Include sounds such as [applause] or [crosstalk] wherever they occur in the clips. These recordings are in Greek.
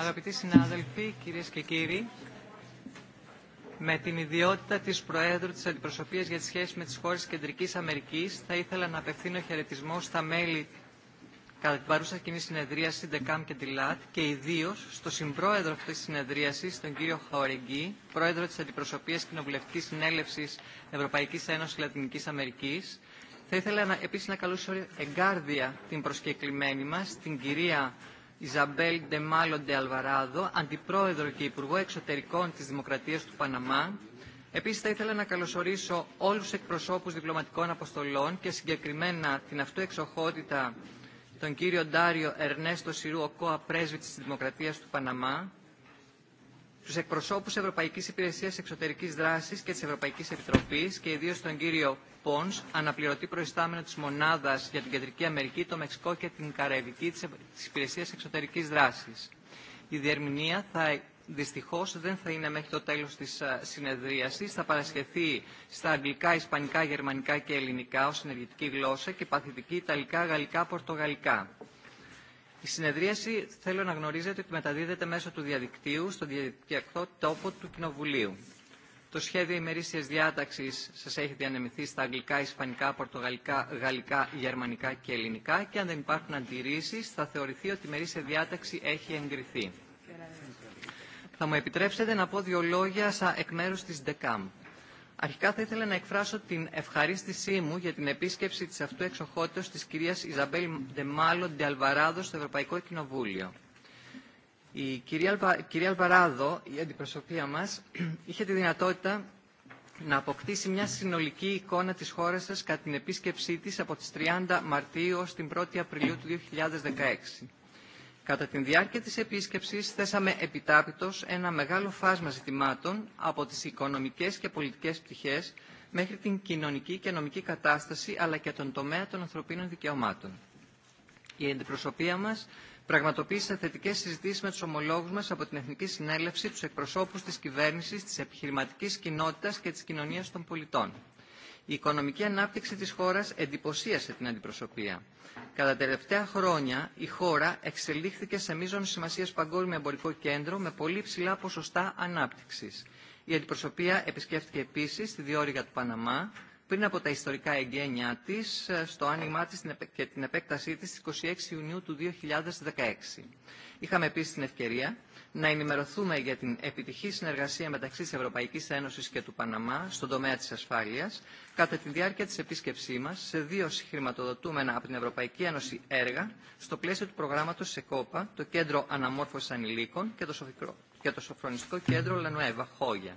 Αγαπητοί συνάδελφοι, κυρίες και κύριοι, με την ιδιότητα της Προέδρου της Αντιπροσωπείας για τις σχέσεις με τις χώρες της Κεντρικής Αμερικής, θα ήθελα να απευθύνω χαιρετισμό στα μέλη κατά την παρούσα κοινή συνεδρίαση ΔΕΚΑΜ και ΤΙΛΑΤ και ιδίω στο συμπρόεδρο αυτής της συνεδρίασης, τον κύριο Χαορεγγί, πρόεδρο της Αντιπροσωπείας Κοινοβουλευτική Συνέλευση Ευρωπαϊκή Ένωση Λατινική Αμερική. Θα ήθελα επίση να καλούσω εγκάρδια την προσκεκλημένη μα, την κυρία Ιζαμπέλ Ντεμάλο Ντε Αλβαράδο, Αντιπρόεδρο και Υπουργό Εξωτερικών της Δημοκρατίας του Παναμά. Επίσης θα ήθελα να καλωσορίσω όλους τους εκπροσώπους διπλωματικών αποστολών και συγκεκριμένα την αυτού εξοχότητα τον κύριο Ντάριο Ερνέστο Σιρού Οκόα, πρέσβη της Δημοκρατίας του Παναμά, στου εκπροσώπου Ευρωπαϊκή Υπηρεσία Εξωτερική Δράση και τη Ευρωπαϊκή Επιτροπή και ιδίω τον κύριο Πον, αναπληρωτή προϊστάμενο τη μονάδα για την Κεντρική Αμερική, το Μεξικό και την Καραϊβική τη Υπηρεσία Εξωτερική δράση. Η διερμηνία θα δυστυχώς δεν θα είναι μέχρι το τέλο τη ε, συνεδρίασης. Θα παρασχεθεί στα αγγλικά, ισπανικά, γερμανικά και ελληνικά ω συνεργητική γλώσσα και παθητική ιταλικά, γαλλικά, πορτογαλικά. Η συνεδρίαση θέλω να γνωρίζετε ότι μεταδίδεται μέσω του διαδικτύου στον διαδικτυακό τόπο του Κοινοβουλίου. Το σχέδιο ημερήσια διάταξης σας έχει διανεμηθεί στα αγγλικά, ισπανικά, πορτογαλικά, γαλλικά, γερμανικά και ελληνικά και αν δεν υπάρχουν αντιρρήσει, θα θεωρηθεί ότι η ημερήσια διάταξη έχει εγκριθεί. Θα μου επιτρέψετε να πω δύο λόγια εκ μέρου τη ΔΕΚΑΜ. Αρχικά θα ήθελα να εκφράσω την ευχαρίστησή μου για την επίσκεψη της αυτού εξοχότητας της κυρίας Ιζαμπέλ Ντεμάλο Ντεαλβαράδο στο Ευρωπαϊκό Κοινοβούλιο. Η κυρία, Αλβαράδο, η αντιπροσωπεία μας, [clears throat] είχε τη δυνατότητα να αποκτήσει μια συνολική εικόνα της χώρας σας κατά την επίσκεψή της από τις 30 Μαρτίου ως την 1η Απριλίου του 2016. Κατά τη διάρκεια της επίσκεψης θέσαμε επιτάπητος ένα μεγάλο φάσμα ζητημάτων από τις οικονομικές και πολιτικές πτυχές μέχρι την κοινωνική και νομική κατάσταση αλλά και τον τομέα των ανθρωπίνων δικαιωμάτων. Η αντιπροσωπεία μας πραγματοποίησε θετικές συζητήσεις με τους ομολόγους μας από την Εθνική Συνέλευση, τους εκπροσώπους της κυβέρνησης, της επιχειρηματικής κοινότητας και της κοινωνίας των πολιτών. Η οικονομική ανάπτυξη της χώρας εντυπωσίασε την αντιπροσωπεία. Κατά τελευταία χρόνια η χώρα εξελίχθηκε σε μείζον σημασία παγκόσμιο εμπορικό κέντρο με πολύ ψηλά ποσοστά ανάπτυξης. Η αντιπροσωπεία επισκέφθηκε επίσης τη διόρυγα του Παναμά πριν από τα ιστορικά εγγένειά της στο άνοιγμά τη και την επέκτασή τη στι 26 Ιουνίου του 2016. Είχαμε επίση την ευκαιρία να ενημερωθούμε για την επιτυχή συνεργασία μεταξύ της Ευρωπαϊκής Ένωσης και του Παναμά στον τομέα της ασφάλειας κατά τη διάρκεια της επίσκεψή μας σε δύο συγχρηματοδοτούμενα από την Ευρωπαϊκή Ένωση έργα στο πλαίσιο του προγράμματος ΣΕΚΟΠΑ, το Κέντρο Αναμόρφωσης Ανηλίκων και το, Σοφρονιστικό Κέντρο Λανουεβα Χόγια.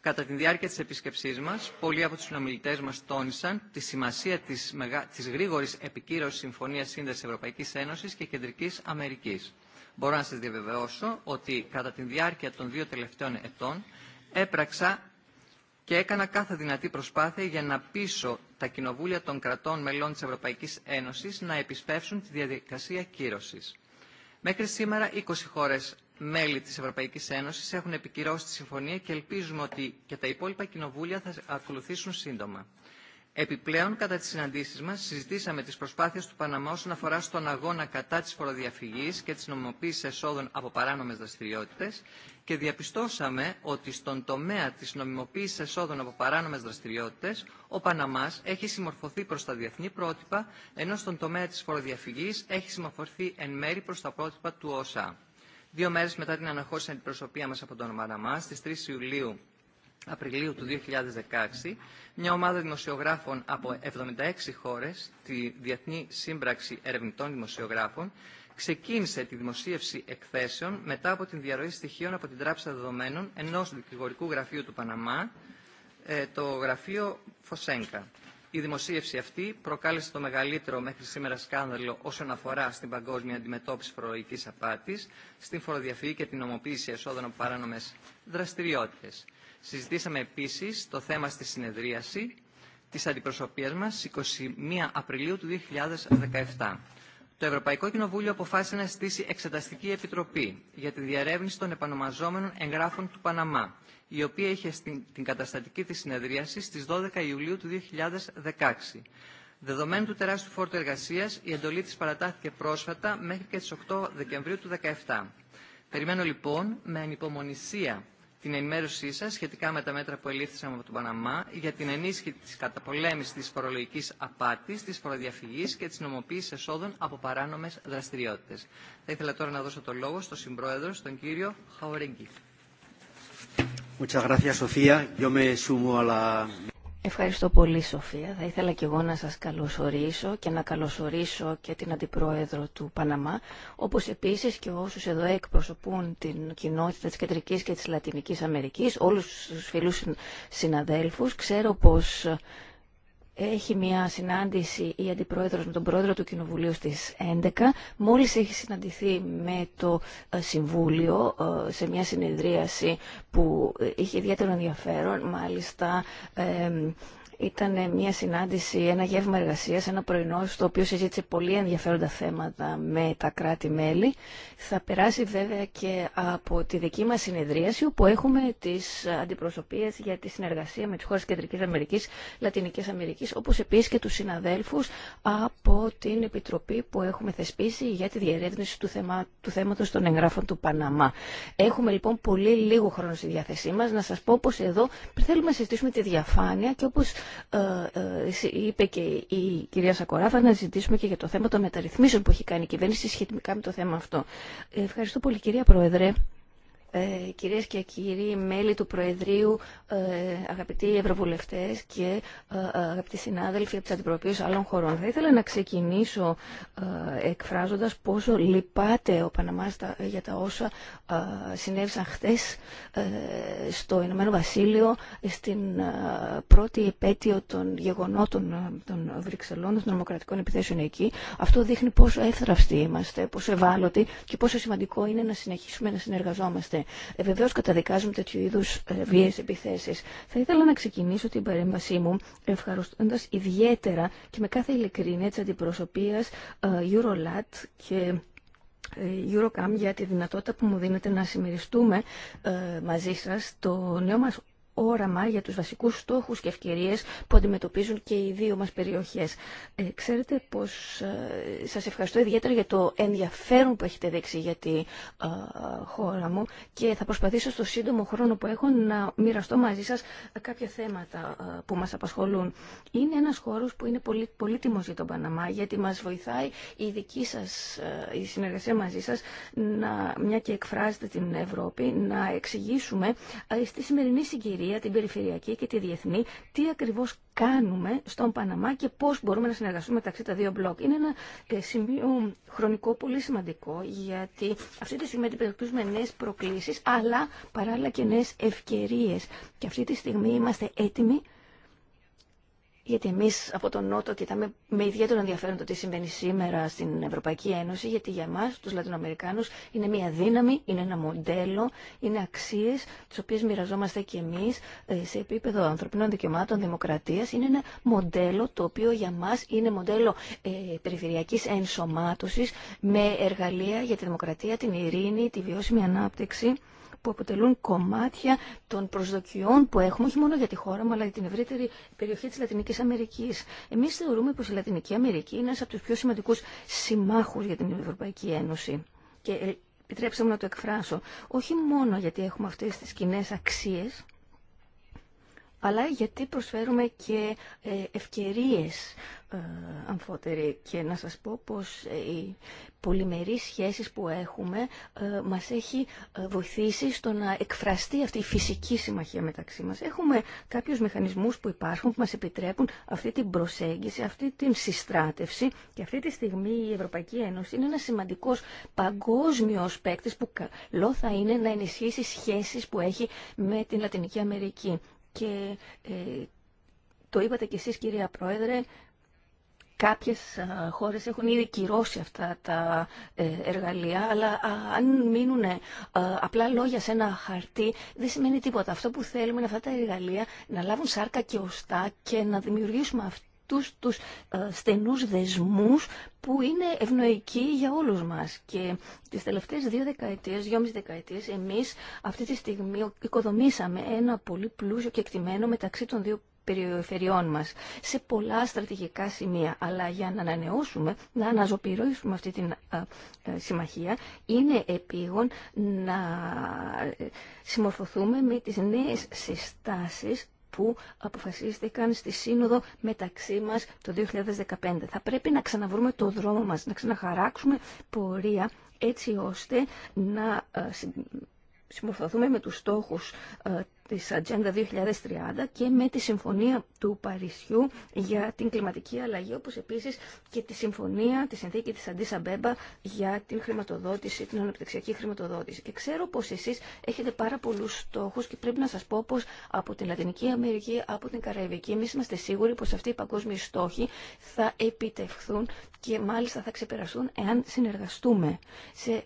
Κατά τη διάρκεια της επισκεψής μας, πολλοί από τους συνομιλητές μας τόνισαν τη σημασία της, μεγα... της γρήγορης επικύρωσης Συμφωνίας Σύνδεσης Ευρωπαϊκής Ένωσης και Κεντρικής Αμερικής μπορώ να σας διαβεβαιώσω ότι κατά τη διάρκεια των δύο τελευταίων ετών έπραξα και έκανα κάθε δυνατή προσπάθεια για να πείσω τα κοινοβούλια των κρατών μελών της Ευρωπαϊκής Ένωσης να επισπεύσουν τη διαδικασία κύρωσης. Μέχρι σήμερα 20 χώρες μέλη της Ευρωπαϊκής Ένωσης έχουν επικυρώσει τη συμφωνία και ελπίζουμε ότι και τα υπόλοιπα κοινοβούλια θα ακολουθήσουν σύντομα. Επιπλέον, κατά τι συναντήσει μα, συζητήσαμε τι προσπάθειε του Παναμά όσον αφορά στον αγώνα κατά τη φοροδιαφυγής και της νομιμοποίηση εσόδων από παράνομε δραστηριότητε, και διαπιστώσαμε ότι στον τομέα τη νομιμοποίηση εσόδων από παράνομε δραστηριότητε, ο Παναμά έχει συμμορφωθεί προ τα διεθνή πρότυπα, ενώ στον τομέα τη φοροδιαφυγής έχει συμμορφωθεί εν μέρη προ τα πρότυπα του ΩΣΑ. Δύο μέρε μετά την αναχώρηση αντιπροσωπεία μα από τον Παναμά, στι 3 Ιουλίου Απριλίου του 2016, μια ομάδα δημοσιογράφων από 76 χώρες, τη Διεθνή Σύμπραξη Ερευνητών Δημοσιογράφων, ξεκίνησε τη δημοσίευση εκθέσεων μετά από την διαρροή στοιχείων από την Τράπεζα Δεδομένων ενός δικηγορικού γραφείου του Παναμά, ε, το γραφείο Φωσέγκα. Η δημοσίευση αυτή προκάλεσε το μεγαλύτερο μέχρι σήμερα σκάνδαλο όσον αφορά στην παγκόσμια αντιμετώπιση φορολογική απάτη, στην φοροδιαφυγή και την ομοποίηση εσόδων από παράνομε δραστηριότητε. Συζητήσαμε επίση το θέμα στη συνεδρίαση της αντιπροσωπείας μας 21 Απριλίου του 2017. Το Ευρωπαϊκό Κοινοβούλιο αποφάσισε να στήσει εξεταστική επιτροπή για τη διαρεύνηση των επανομαζόμενων εγγράφων του Παναμά, η οποία είχε στην, την καταστατική τη συνεδρίαση στι 12 Ιουλίου του 2016. Δεδομένου του τεράστιου φόρτου εργασία, η εντολή τη παρατάθηκε πρόσφατα μέχρι και τι 8 Δεκεμβρίου του 2017. Περιμένω λοιπόν με ανυπομονησία την ενημέρωσή σα σχετικά με τα μέτρα που ελήφθησαν από τον Παναμά για την ενίσχυση τη καταπολέμηση της φορολογικής απάτης, της φοροδιαφυγής και τη νομοποίησης εσόδων από παράνομε δραστηριότητε. Θα ήθελα τώρα να δώσω το λόγο στον Συμπρόεδρο, τον κύριο Χαουρεγγί. Ευχαριστώ πολύ Σοφία. Θα ήθελα και εγώ να σας καλωσορίσω και να καλωσορίσω και την Αντιπρόεδρο του Παναμά, όπως επίσης και όσους εδώ εκπροσωπούν την κοινότητα της Κεντρικής και της Λατινικής Αμερικής, όλους τους φίλους συναδέλφους. Ξέρω πως έχει μια συνάντηση η Αντιπρόεδρος με τον Πρόεδρο του Κοινοβουλίου στις 11. Μόλις έχει συναντηθεί με το ε, Συμβούλιο ε, σε μια συνεδρίαση που ε, είχε ιδιαίτερο ενδιαφέρον. Μάλιστα ήταν μια συνάντηση, ένα γεύμα εργασία, ένα πρωινό, στο οποίο συζήτησε πολύ ενδιαφέροντα θέματα με τα κράτη-μέλη. Θα περάσει βέβαια και από τη δική μα συνεδρίαση, όπου έχουμε τι αντιπροσωπείε για τη συνεργασία με τι χώρε Κεντρική Αμερική, Λατινική Αμερική, όπω επίση και του συναδέλφου από την Επιτροπή που έχουμε θεσπίσει για τη διερεύνηση του, θέμα, του θέματο των εγγράφων του Παναμά. Έχουμε λοιπόν πολύ λίγο χρόνο στη διάθεσή μα. Να σα πω πω εδώ θέλουμε να συζητήσουμε τη διαφάνεια και όπως ε, ε, είπε και η κυρία Σακοράφα, να ζητήσουμε και για το θέμα των μεταρρυθμίσεων που έχει κάνει η κυβέρνηση σχετικά με το θέμα αυτό. Ε, ευχαριστώ πολύ κυρία Πρόεδρε. Ε, κυρίες και κύριοι, μέλη του Προεδρείου, ε, αγαπητοί ευρωβουλευτές και ε, ε αγαπητοί συνάδελφοι από τις αντιπροπείες άλλων χωρών. Θα ήθελα να ξεκινήσω ε, εκφράζοντας πόσο λυπάται ο Παναμάς ε, για τα όσα συνέβησαν χθες στο Ηνωμένο Βασίλειο στην πρώτη επέτειο των γεγονότων των Βρυξελών, των νομοκρατικών επιθέσεων εκεί. Αυτό δείχνει πόσο εύθραυστοι είμαστε, πόσο ευάλωτοι και πόσο σημαντικό είναι να συνεχίσουμε να συνεργαζόμαστε. Ε, βεβαίω καταδικάζουμε τέτοιου είδου ε, βίαιε ναι. επιθέσει. Θα ήθελα να ξεκινήσω την παρέμβασή μου ευχαριστώντα ιδιαίτερα και με κάθε ειλικρίνεια τη αντιπροσωπεία ε, Eurolat και Eurocam για τη δυνατότητα που μου δίνετε να συμμεριστούμε μαζί σας το νέο μας όραμα για τους βασικούς στόχους και ευκαιρίες που αντιμετωπίζουν και οι δύο μας περιοχές. Ε, ξέρετε πως ε, σας ευχαριστώ ιδιαίτερα για το ενδιαφέρον που έχετε δείξει για τη ε, χώρα μου και θα προσπαθήσω στο σύντομο χρόνο που έχω να μοιραστώ μαζί σας κάποια θέματα ε, που μας απασχολούν. Είναι ένας χώρος που είναι πολύ, πολύτιμος για τον Παναμά γιατί μας βοηθάει η δική σας, η συνεργασία μαζί σας να, μια και εκφράζετε την Ευρώπη, να εξηγήσουμε στη σημερινή συγκυρία περιφερεια, την περιφερειακή και τη διεθνή, τι ακριβώς κάνουμε στον Παναμά και πώς μπορούμε να συνεργαστούμε μεταξύ τα δύο μπλοκ. Είναι ένα ε, σημείο χρονικό πολύ σημαντικό, γιατί αυτή τη στιγμή αντιμετωπίζουμε νέες προκλήσεις, αλλά παράλληλα και νέες ευκαιρίες. Και αυτή τη στιγμή είμαστε έτοιμοι γιατί εμεί από τον Νότο κοιτάμε με ιδιαίτερο ενδιαφέρον το τι συμβαίνει σήμερα στην Ευρωπαϊκή Ένωση, γιατί για μας τους Λατινοαμερικάνους είναι μια δύναμη, είναι ένα μοντέλο, είναι αξίε τι οποίες μοιραζόμαστε και εμείς ε, σε επίπεδο ανθρωπινών δικαιωμάτων, δημοκρατίας. Είναι ένα μοντέλο το οποίο για μας είναι μοντέλο ε, περιφερειακής ενσωμάτωσης με εργαλεία για τη δημοκρατία, την ειρήνη, τη βιώσιμη ανάπτυξη που αποτελούν κομμάτια των προσδοκιών που έχουμε όχι μόνο για τη χώρα μα αλλά για την ευρύτερη περιοχή της Λατινική Αμερικής. Εμείς θεωρούμε πως η Λατινική Αμερική είναι ένας από τους πιο σημαντικούς συμμάχους για την Ευρωπαϊκή Ένωση. Και ε, επιτρέψτε μου να το εκφράσω, όχι μόνο γιατί έχουμε αυτέ τι κοινέ αξίε αλλά γιατί προσφέρουμε και ε, ευκαιρίες ε, αμφότεροι και να σας πω πως ε, οι πολυμερείς σχέσεις που έχουμε μας έχει βοηθήσει στο να εκφραστεί αυτή η φυσική συμμαχία μεταξύ μας. Έχουμε κάποιους μηχανισμούς που υπάρχουν που μας επιτρέπουν αυτή την προσέγγιση, αυτή την συστράτευση και αυτή τη στιγμή η Ευρωπαϊκή Ένωση είναι ένας σημαντικός παγκόσμιος παίκτη που καλό θα είναι να ενισχύσει σχέσεις που έχει με την Λατινική Αμερική και ε, το είπατε κι εσείς κυρία Πρόεδρε, Κάποιες χώρες έχουν ήδη κυρώσει αυτά τα ε, εργαλεία, αλλά αν μείνουν απλά λόγια σε ένα χαρτί, δεν σημαίνει τίποτα. Αυτό που θέλουμε είναι αυτά τα εργαλεία να λάβουν σάρκα και οστά και να δημιουργήσουμε αυτή αυτούς τους ε, στενούς δεσμούς που είναι ευνοϊκοί για όλους μας. Και τις τελευταίες δύο δεκαετίες, δυόμιση δεκαετίες, εμείς αυτή τη στιγμή οικοδομήσαμε ένα πολύ πλούσιο και εκτιμένο μεταξύ των δύο περιφερειών μας σε πολλά στρατηγικά σημεία. Αλλά για να ανανεώσουμε, να αναζωπηρώσουμε αυτή τη ε, ε, συμμαχία, είναι επίγον να συμμορφωθούμε με τις νέες συστάσεις που αποφασίστηκαν στη σύνοδο μεταξύ μας το 2015. Θα πρέπει να ξαναβρούμε το δρόμο μας, να ξαναχαράξουμε πορεία έτσι ώστε να ε, συμμορφωθούμε με τους στόχους ε, της Agenda 2030 και με τη Συμφωνία του Παρισιού για την κλιματική αλλαγή, όπως επίσης και τη Συμφωνία, τη Συνθήκη της Αντίσα Μπέμπα για την χρηματοδότηση, την αναπτυξιακή χρηματοδότηση. Και ξέρω πως εσείς έχετε πάρα πολλούς στόχους και πρέπει να σας πω πως από την Λατινική Αμερική, από την Καραϊβική, εμείς είμαστε σίγουροι πως αυτοί οι παγκόσμιοι στόχοι θα επιτευχθούν και μάλιστα θα ξεπεραστούν εάν συνεργαστούμε σε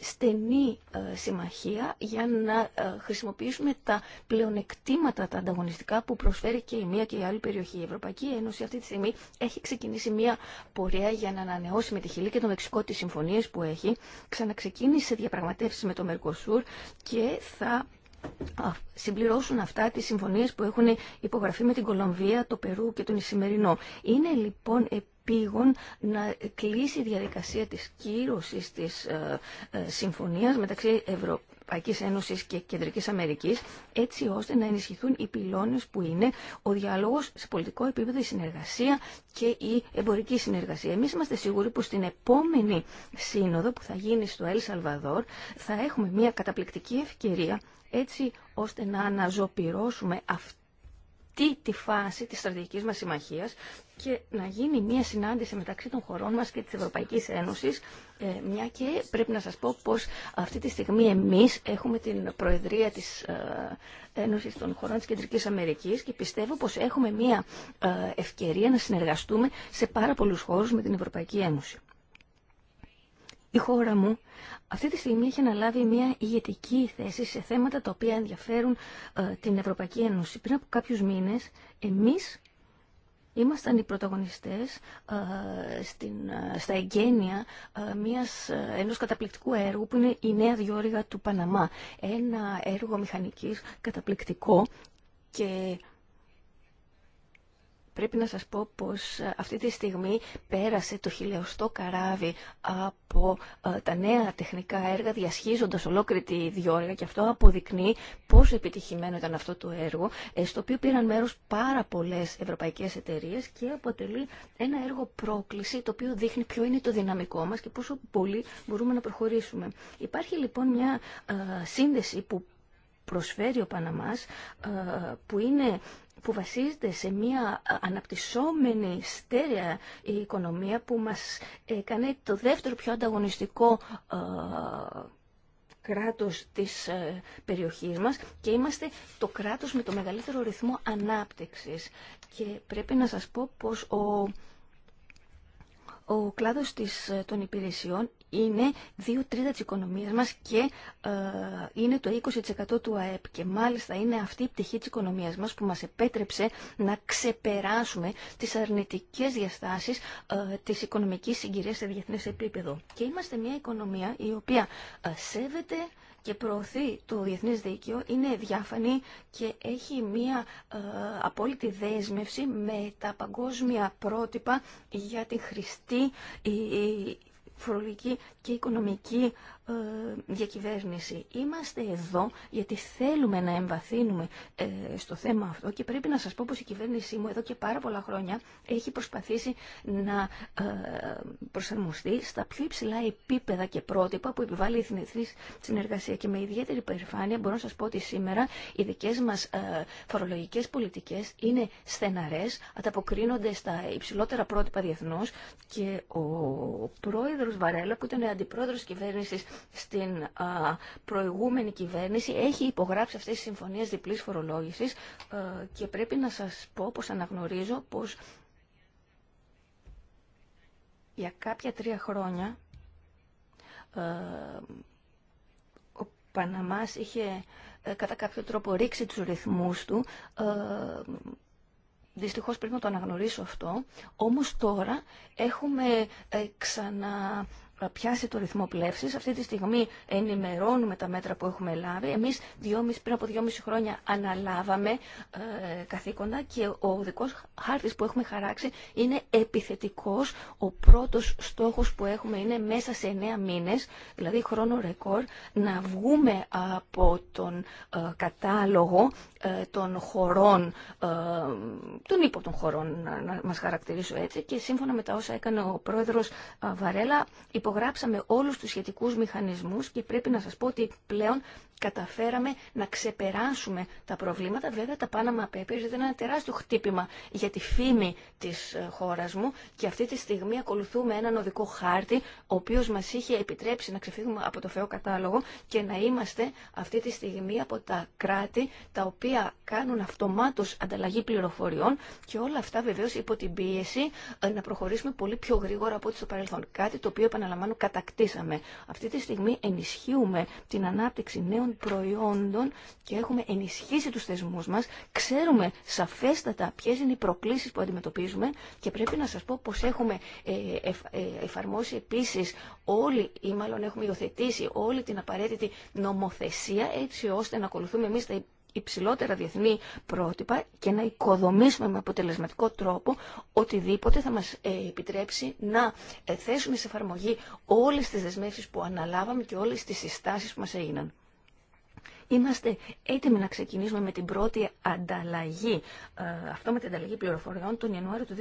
στενή ε, συμμαχία για να ε, χρησιμοποιήσουμε τα πλεονεκτήματα, τα ανταγωνιστικά που προσφέρει και η μία και η άλλη περιοχή. Η Ευρωπαϊκή Ένωση αυτή τη στιγμή έχει ξεκινήσει μία πορεία για να ανανεώσει με τη Χιλή και το Μεξικό τις συμφωνίες που έχει. Ξαναξεκίνησε διαπραγματεύσεις με το Μερκοσούρ και θα συμπληρώσουν αυτά τις συμφωνίες που έχουν υπογραφεί με την Κολομβία, το Περού και τον Ισημερινό. Είναι λοιπόν επίγον να κλείσει η διαδικασία της κύρωσης της ε, ε, συμφωνίας μεταξύ Ευρωπαϊκής Ευρωπαϊκής Ένωση και Κεντρικής Αμερικής, έτσι ώστε να ενισχυθούν οι πυλώνες που είναι ο διάλογος σε πολιτικό επίπεδο, η συνεργασία και η εμπορική συνεργασία. Εμείς είμαστε σίγουροι που στην επόμενη σύνοδο που θα γίνει στο Ελ Σαλβαδόρ θα έχουμε μια καταπληκτική ευκαιρία έτσι ώστε να αναζωπυρώσουμε αυτή αυτή τη φάση της στρατηγικής μας συμμαχίας και να γίνει μια συνάντηση μεταξύ των χωρών μας και της Ευρωπαϊκής Ένωσης, ε, μια και πρέπει να σας πω πως αυτή τη στιγμή εμείς έχουμε την Προεδρία της ε, Ένωσης των χωρών της Κεντρικής Αμερικής και πιστεύω πως έχουμε μια ε, ευκαιρία να συνεργαστούμε σε πάρα πολλούς χώρους με την Ευρωπαϊκή Ένωση. Η χώρα μου αυτή τη στιγμή έχει αναλάβει μια ηγετική θέση σε θέματα τα οποία ενδιαφέρουν ε, την Ευρωπαϊκή Ένωση. Πριν από κάποιους μήνες, εμείς ήμασταν οι πρωταγωνιστές ε, στην, ε, στα εγγένεια μιας, ενός καταπληκτικού έργου που είναι η Νέα Διόρυγα του Παναμά. Ένα έργο μηχανικής καταπληκτικό και Πρέπει να σας πω πως ε, αυτή τη στιγμή πέρασε το χιλιοστό καράβι από ε, τα νέα τεχνικά έργα διασχίζοντας ολόκληρη τη διόργα και αυτό αποδεικνύει πόσο επιτυχημένο ήταν αυτό το έργο ε, στο οποίο πήραν μέρος πάρα πολλές ευρωπαϊκές εταιρείες και αποτελεί ένα έργο πρόκληση το οποίο δείχνει ποιο είναι το δυναμικό μας και πόσο πολύ μπορούμε να προχωρήσουμε. Υπάρχει λοιπόν μια σύνδεση που προσφέρει ο Παναμάς που είναι που βασίζεται σε μια αναπτυσσόμενη στέρεα οικονομία που μας έκανε το δεύτερο πιο ανταγωνιστικό ε, κράτος της ε, περιοχής μας και είμαστε το κράτος με το μεγαλύτερο ρυθμό ανάπτυξης. Και πρέπει να σας πω πως ο, ο κλάδος της, ε, των υπηρεσιών είναι τρίτα της οικονομίας μας και ε, είναι το 20% του ΑΕΠ και μάλιστα είναι αυτή η πτυχή της οικονομίας μας που μας επέτρεψε να ξεπεράσουμε τις αρνητικές διαστάσεις ε, της οικονομικής συγκυρίας σε διεθνές επίπεδο. Και είμαστε μια οικονομία η οποία ε, σέβεται και προωθεί το διεθνές δίκαιο, είναι διάφανη και έχει μία ε, απόλυτη δέσμευση με τα παγκόσμια πρότυπα για την χρηστή φορολογική και οικονομική ε, διακυβέρνηση. Είμαστε εδώ γιατί θέλουμε να εμβαθύνουμε ε, στο θέμα αυτό και πρέπει να σας πω πως η κυβέρνησή μου εδώ και πάρα πολλά χρόνια έχει προσπαθήσει να ε, προσαρμοστεί στα πιο υψηλά επίπεδα και πρότυπα που επιβάλλει η Εθνική Συνεργασία και με ιδιαίτερη περηφάνεια μπορώ να σας πω ότι σήμερα οι δικές μας φορολογικές πολιτικές είναι στεναρές, ανταποκρίνονται στα υψηλότερα πρότυπα διεθνώς και ο πρόεδρος Βαρέλα που ήταν αντιπρόεδρος κυβέρνησης στην προηγούμενη κυβέρνηση έχει υπογράψει αυτές τις συμφωνίες διπλής φορολόγησης ε, και πρέπει να σας πω πως αναγνωρίζω πως για κάποια τρία χρόνια ε, ο Παναμάς είχε ε, κατά κάποιο τρόπο ρίξει τους ρυθμούς του δυστυχώς πρέπει να το αναγνωρίσω αυτό όμως τώρα έχουμε ξανά πιάσει το ρυθμό πλεύσης. Αυτή τη στιγμή ενημερώνουμε τα μέτρα που έχουμε λάβει. Εμείς πριν από δυόμιση χρόνια αναλάβαμε ε, καθήκοντα και ο δικό χάρτης που έχουμε χαράξει είναι επιθετικός. Ο πρώτος στόχος που έχουμε είναι μέσα σε εννέα μήνες, δηλαδή χρόνο ρεκόρ, να βγούμε από τον ε, κατάλογο ε, των χωρών, ε, των ύποπτων των χωρών, να μας χαρακτηρίσω έτσι, και σύμφωνα με τα όσα έκανε ο πρόεδρος ε, Βαρέλα, υπογράψαμε όλους τους σχετικούς μηχανισμούς και πρέπει να σας πω ότι πλέον καταφέραμε να ξεπεράσουμε τα προβλήματα. Βέβαια, τα Panama Papers ήταν ένα τεράστιο χτύπημα για τη φήμη της χώρας μου και αυτή τη στιγμή ακολουθούμε έναν οδικό χάρτη, ο οποίος μας είχε επιτρέψει να ξεφύγουμε από το φαιό κατάλογο και να είμαστε αυτή τη στιγμή από τα κράτη τα οποία οποία κάνουν αυτομάτω ανταλλαγή πληροφοριών και όλα αυτά βεβαίω υπό την πίεση ε, να προχωρήσουμε πολύ πιο γρήγορα από ό,τι στο παρελθόν. Κάτι το οποίο επαναλαμβάνω κατακτήσαμε. Αυτή τη στιγμή ενισχύουμε την ανάπτυξη νέων προϊόντων και έχουμε ενισχύσει του θεσμού μα. Ξέρουμε σαφέστατα ποιε είναι οι προκλήσει που αντιμετωπίζουμε και πρέπει να σα πω πω έχουμε ε, ε, εφαρμόσει επίση όλοι ή μάλλον έχουμε υιοθετήσει όλη την απαραίτητη νομοθεσία έτσι ώστε να ακολουθούμε εμεί. τα υψηλότερα διεθνή πρότυπα και να οικοδομήσουμε με αποτελεσματικό τρόπο οτιδήποτε θα μας ε, επιτρέψει να ε, θέσουμε σε εφαρμογή όλες τις δεσμεύσεις που αναλάβαμε και όλες τις συστάσεις που μας έγιναν. Είμαστε έτοιμοι να ξεκινήσουμε με την πρώτη ανταλλαγή, ε, αυτό με την ανταλλαγή πληροφοριών τον Ιανουάριο του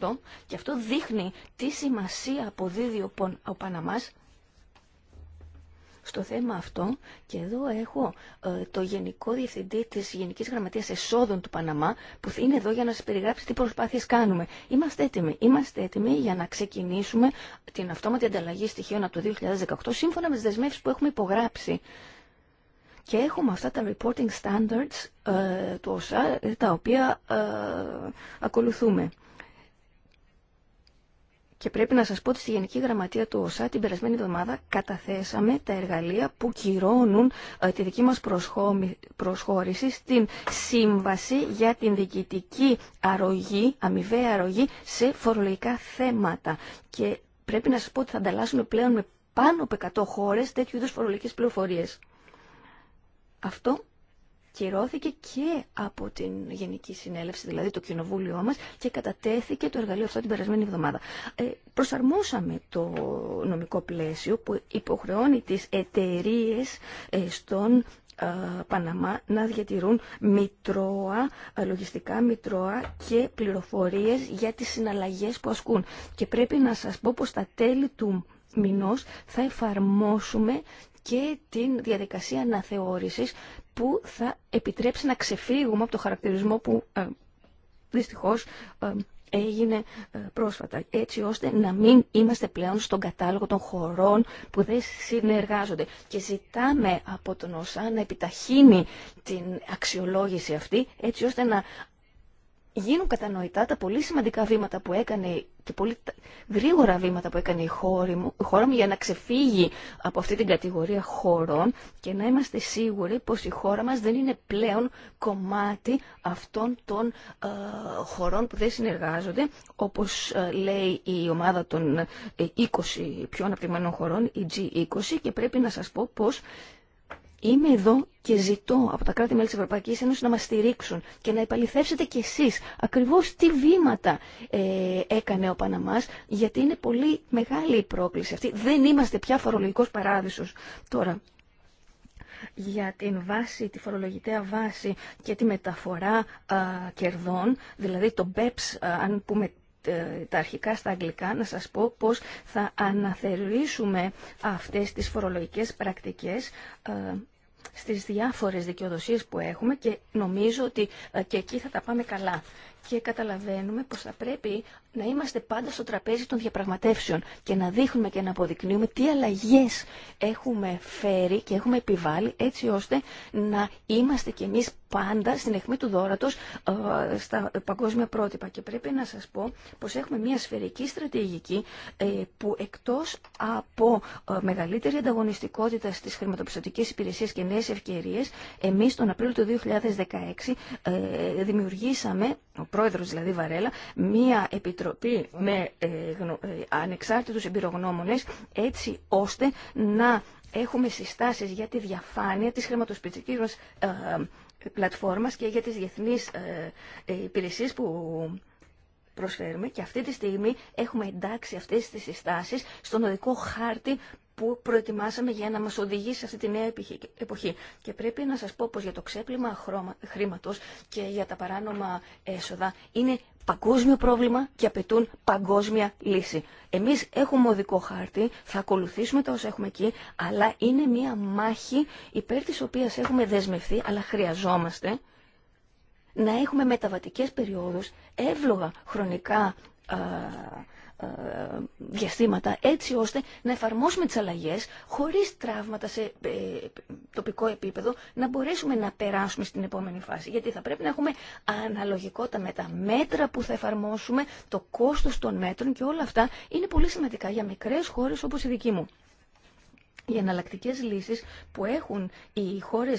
2018 και αυτό δείχνει τι σημασία αποδίδει ο Παναμάς στο θέμα αυτό και εδώ έχω ε, το Γενικό Διευθυντή της Γενικής Γραμματείας Εσόδων του Παναμά που είναι εδώ για να σας περιγράψει τι προσπάθειες κάνουμε. Είμαστε έτοιμοι. Είμαστε έτοιμοι για να ξεκινήσουμε την αυτόματη ανταλλαγή στοιχείων από το 2018 σύμφωνα με τις δεσμεύσεις που έχουμε υπογράψει. Και έχουμε αυτά τα reporting standards ε, του ΩΣΑ τα οποία ε, ακολουθούμε. Και πρέπει να σας πω ότι στη Γενική Γραμματεία του ΟΣΑ την περασμένη εβδομάδα καταθέσαμε τα εργαλεία που κυρώνουν ε, τη δική μας προσχώρηση στην Σύμβαση για την Διοικητική Αρρωγή, αμοιβαία αρρωγή σε φορολογικά θέματα. Και πρέπει να σας πω ότι θα ανταλλάσσουμε πλέον με πάνω από 100 χώρες τέτοιου είδους φορολογικές πληροφορίες. Αυτό κυρώθηκε και από την Γενική Συνέλευση, δηλαδή το Κοινοβούλιο μας και κατατέθηκε το εργαλείο αυτό την περασμένη εβδομάδα. Ε, προσαρμόσαμε το νομικό πλαίσιο που υποχρεώνει τις εταιρείε ε, στον ε, Παναμά να διατηρούν μητρώα, λογιστικά μητρώα και πληροφορίες για τις συναλλαγές που ασκούν. Και πρέπει να σας πω πως στα τέλη του μηνός θα εφαρμόσουμε και την διαδικασία αναθεώρησης που θα επιτρέψει να ξεφύγουμε από το χαρακτηρισμό που ε, δυστυχώς ε, έγινε ε, πρόσφατα, έτσι ώστε να μην είμαστε πλέον στον κατάλογο των χωρών που δεν συνεργάζονται. Και ζητάμε από τον ΩΣΑ να επιταχύνει την αξιολόγηση αυτή, έτσι ώστε να γίνουν κατανοητά τα πολύ σημαντικά βήματα που έκανε και πολύ γρήγορα βήματα που έκανε η χώρα μου, η για να ξεφύγει από αυτή την κατηγορία χωρών και να είμαστε σίγουροι πως η χώρα μας δεν είναι πλέον κομμάτι αυτών των ε, χωρών που δεν συνεργάζονται όπως ε, λέει η ομάδα των 20 ε, πιο αναπτυγμένων χωρών, η G20 και πρέπει να σας πω πως Είμαι εδώ και ζητώ από τα κράτη-μέλη της Ευρωπαϊκής Ένωσης να μας στηρίξουν και να επαληθεύσετε κι εσείς ακριβώς τι βήματα ε, έκανε ο Παναμάς, γιατί είναι πολύ μεγάλη η πρόκληση αυτή. Δεν είμαστε πια φορολογικός παράδεισος. Τώρα, για την βάση, τη φορολογητέα βάση και τη μεταφορά κερδών, δηλαδή το BEPS, αν πούμε ε, τα αρχικά στα αγγλικά, να σας πω πώς θα αναθεωρήσουμε αυτές τις φορολογικές πρακτικές στις διάφορες δικαιοδοσίες που έχουμε και νομίζω ότι ε, και εκεί θα τα πάμε καλά και καταλαβαίνουμε πως θα πρέπει να είμαστε πάντα στο τραπέζι των διαπραγματεύσεων και να δείχνουμε και να αποδεικνύουμε τι αλλαγές έχουμε φέρει και έχουμε επιβάλει έτσι ώστε να είμαστε κι εμείς πάντα στην αιχμή του δόρατος ε, στα παγκόσμια πρότυπα. Και πρέπει να σας πω πως έχουμε μια σφαιρική στρατηγική ε, που εκτός από ε, μεγαλύτερη ανταγωνιστικότητα στις χρηματοπιστωτικές υπηρεσίες και νέες ευκαιρίες, εμείς τον Απρίλιο του 2016 δημιουργήσαμε, πρόεδρος δηλαδή Βαρέλα, μία επιτροπή με ε, ε, ανεξάρτητους εμπειρογνώμονες έτσι ώστε να έχουμε συστάσεις για τη διαφάνεια της χρηματοσπιτικής μας ε, πλατφόρμας και για τις διεθνείς υπηρεσίες που προσφέρουμε και αυτή τη στιγμή έχουμε εντάξει αυτές τις συστάσεις στον οδικό χάρτη που προετοιμάσαμε για να μας οδηγήσει σε αυτή τη νέα εποχή. Και πρέπει να σας πω πως για το ξέπλυμα χρήματος και για τα παράνομα έσοδα είναι παγκόσμιο πρόβλημα και απαιτούν παγκόσμια λύση. Εμείς έχουμε οδικό χάρτη, θα ακολουθήσουμε τα όσα έχουμε εκεί, αλλά είναι μια μάχη υπέρ της οποίας έχουμε δεσμευθεί, αλλά χρειαζόμαστε να έχουμε μεταβατικές περιόδους, εύλογα χρονικά ε, διαστήματα έτσι ώστε να εφαρμόσουμε τις αλλαγές χωρίς τραύματα σε ε, τοπικό επίπεδο να μπορέσουμε να περάσουμε στην επόμενη φάση. Γιατί θα πρέπει να έχουμε αναλογικότητα με τα μέτρα που θα εφαρμόσουμε, το κόστος των μέτρων και όλα αυτά είναι πολύ σημαντικά για μικρές χώρες όπως η δική μου οι εναλλακτικέ λύσει που έχουν οι χώρε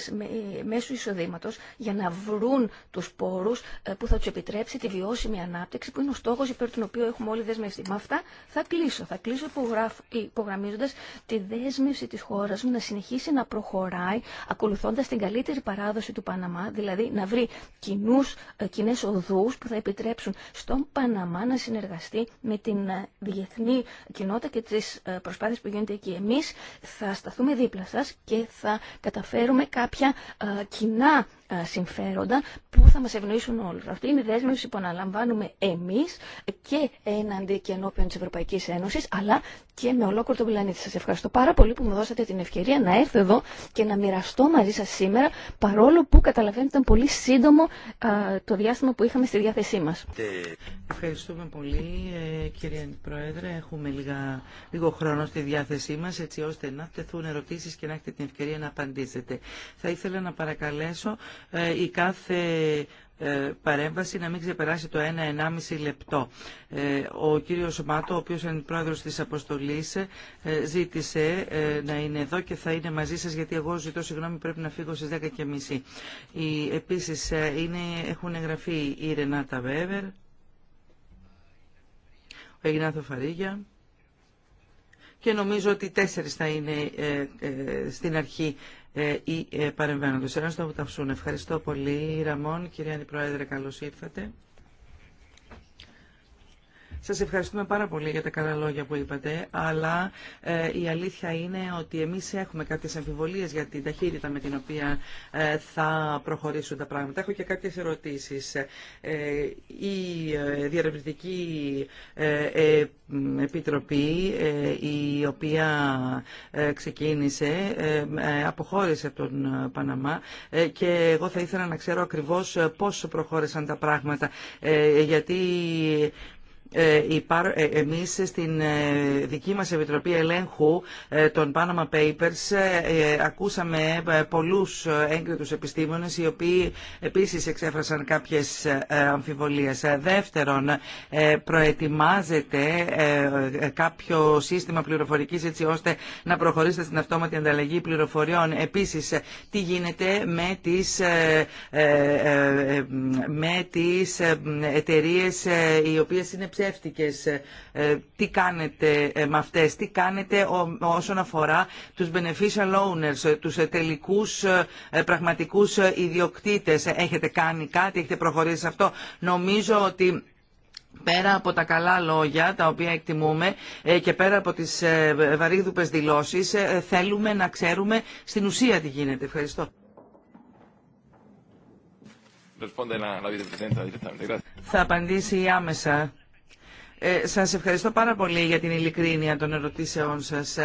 μέσω εισοδήματο για να βρουν του πόρου ε, που θα του επιτρέψει τη βιώσιμη ανάπτυξη που είναι ο στόχο υπέρ του οποίου έχουμε όλοι δεσμευτεί. Με αυτά θα κλείσω. Θα κλείσω υπογραμμίζοντα τη δέσμευση τη χώρα μου να συνεχίσει να προχωράει ακολουθώντα την καλύτερη παράδοση του Παναμά, δηλαδή να βρει ε, κοινέ οδού που θα επιτρέψουν στον Παναμά να συνεργαστεί με την ε, διεθνή κοινότητα και τι προσπάθειε που γίνονται εκεί. εμεί θα σταθούμε δίπλα σας και θα καταφέρουμε κάποια ε, κοινά συμφέροντα που θα μας ευνοήσουν όλους. Αυτή είναι η δέσμευση που αναλαμβάνουμε εμείς και έναντι και ενώπιον της Ευρωπαϊκής Ένωσης, αλλά και με ολόκληρο τον πλανήτη. Σας ευχαριστώ πάρα πολύ που μου δώσατε την ευκαιρία να έρθω εδώ και να μοιραστώ μαζί σας σήμερα, παρόλο που καταλαβαίνετε ήταν πολύ σύντομο το διάστημα που είχαμε στη διάθεσή μας. Ευχαριστούμε πολύ ε, κύριε Πρόεδρε. Έχουμε λίγα, λίγο χρόνο στη διάθεσή μας έτσι ώστε να τεθούν ερωτήσεις και να έχετε την ευκαιρία να απαντήσετε. Θα ήθελα να παρακαλέσω ε, η κάθε ε, παρέμβαση να μην ξεπεράσει το 1-1,5 λεπτό. Ε, ο κύριος Μάτο, ο οποίος είναι πρόεδρος της Αποστολής, ζήτησε να είναι εδώ και θα είναι μαζί σας, γιατί εγώ ζητώ συγγνώμη, πρέπει να φύγω στις 10.30. επίσης, είναι, έχουν εγγραφεί η Ρενάτα Βέβερ, ο Εγνάθο Φαρίγια, και νομίζω ότι τέσσερις θα είναι στην αρχή ε, ή ε, παρεμβαίνοντας. Ένας τον Ευχαριστώ πολύ, Ραμόν. Κυρία Αντιπρόεδρε, καλώς ήρθατε. Σας ευχαριστούμε πάρα πολύ για τα καλά λόγια που είπατε, αλλά ε, η αλήθεια είναι ότι εμείς έχουμε κάποιες αμφιβολίες για την ταχύτητα με την οποία ε, θα προχωρήσουν τα πράγματα. Έχω και κάποιες ερωτήσεις. Ε, η ε, Διαρευνητική Επιτροπή, η οποία ξεκίνησε, αποχώρησε από τον Παναμά και εγώ θα ήθελα να ξέρω ακριβώς πώς προχώρησαν τα πράγματα, γιατί ε, ε, εμείς στην ε, δική μας Επιτροπή Ελέγχου των Panama Papers ακούσαμε πολλούς έγκριτους επιστήμονες οι οποίοι επίσης εξέφρασαν κάποιες αμφιβολίες. Δεύτερον, προετοιμάζεται κάποιο σύστημα πληροφορικής έτσι ώστε να προχωρήσετε στην αυτόματη ανταλλαγή πληροφοριών. Επίσης, τι γίνεται με τις, με τις εταιρείες οι οποίες είναι ε, ε, τι κάνετε ε, με αυτές, τι κάνετε όσον αφορά τους beneficial owners, τους τελικούς πραγματικούς ιδιοκτήτες. Έχετε κάνει κάτι, έχετε προχωρήσει σε αυτό. Νομίζω ότι πέρα από τα καλά λόγια τα οποία εκτιμούμε και πέρα από τις βαρύδουπες δηλώσεις θέλουμε να ξέρουμε στην ουσία τι γίνεται. Ευχαριστώ. Θα απαντήσει άμεσα ε, σας ευχαριστώ πάρα πολύ για την ειλικρίνεια των ερωτήσεών σας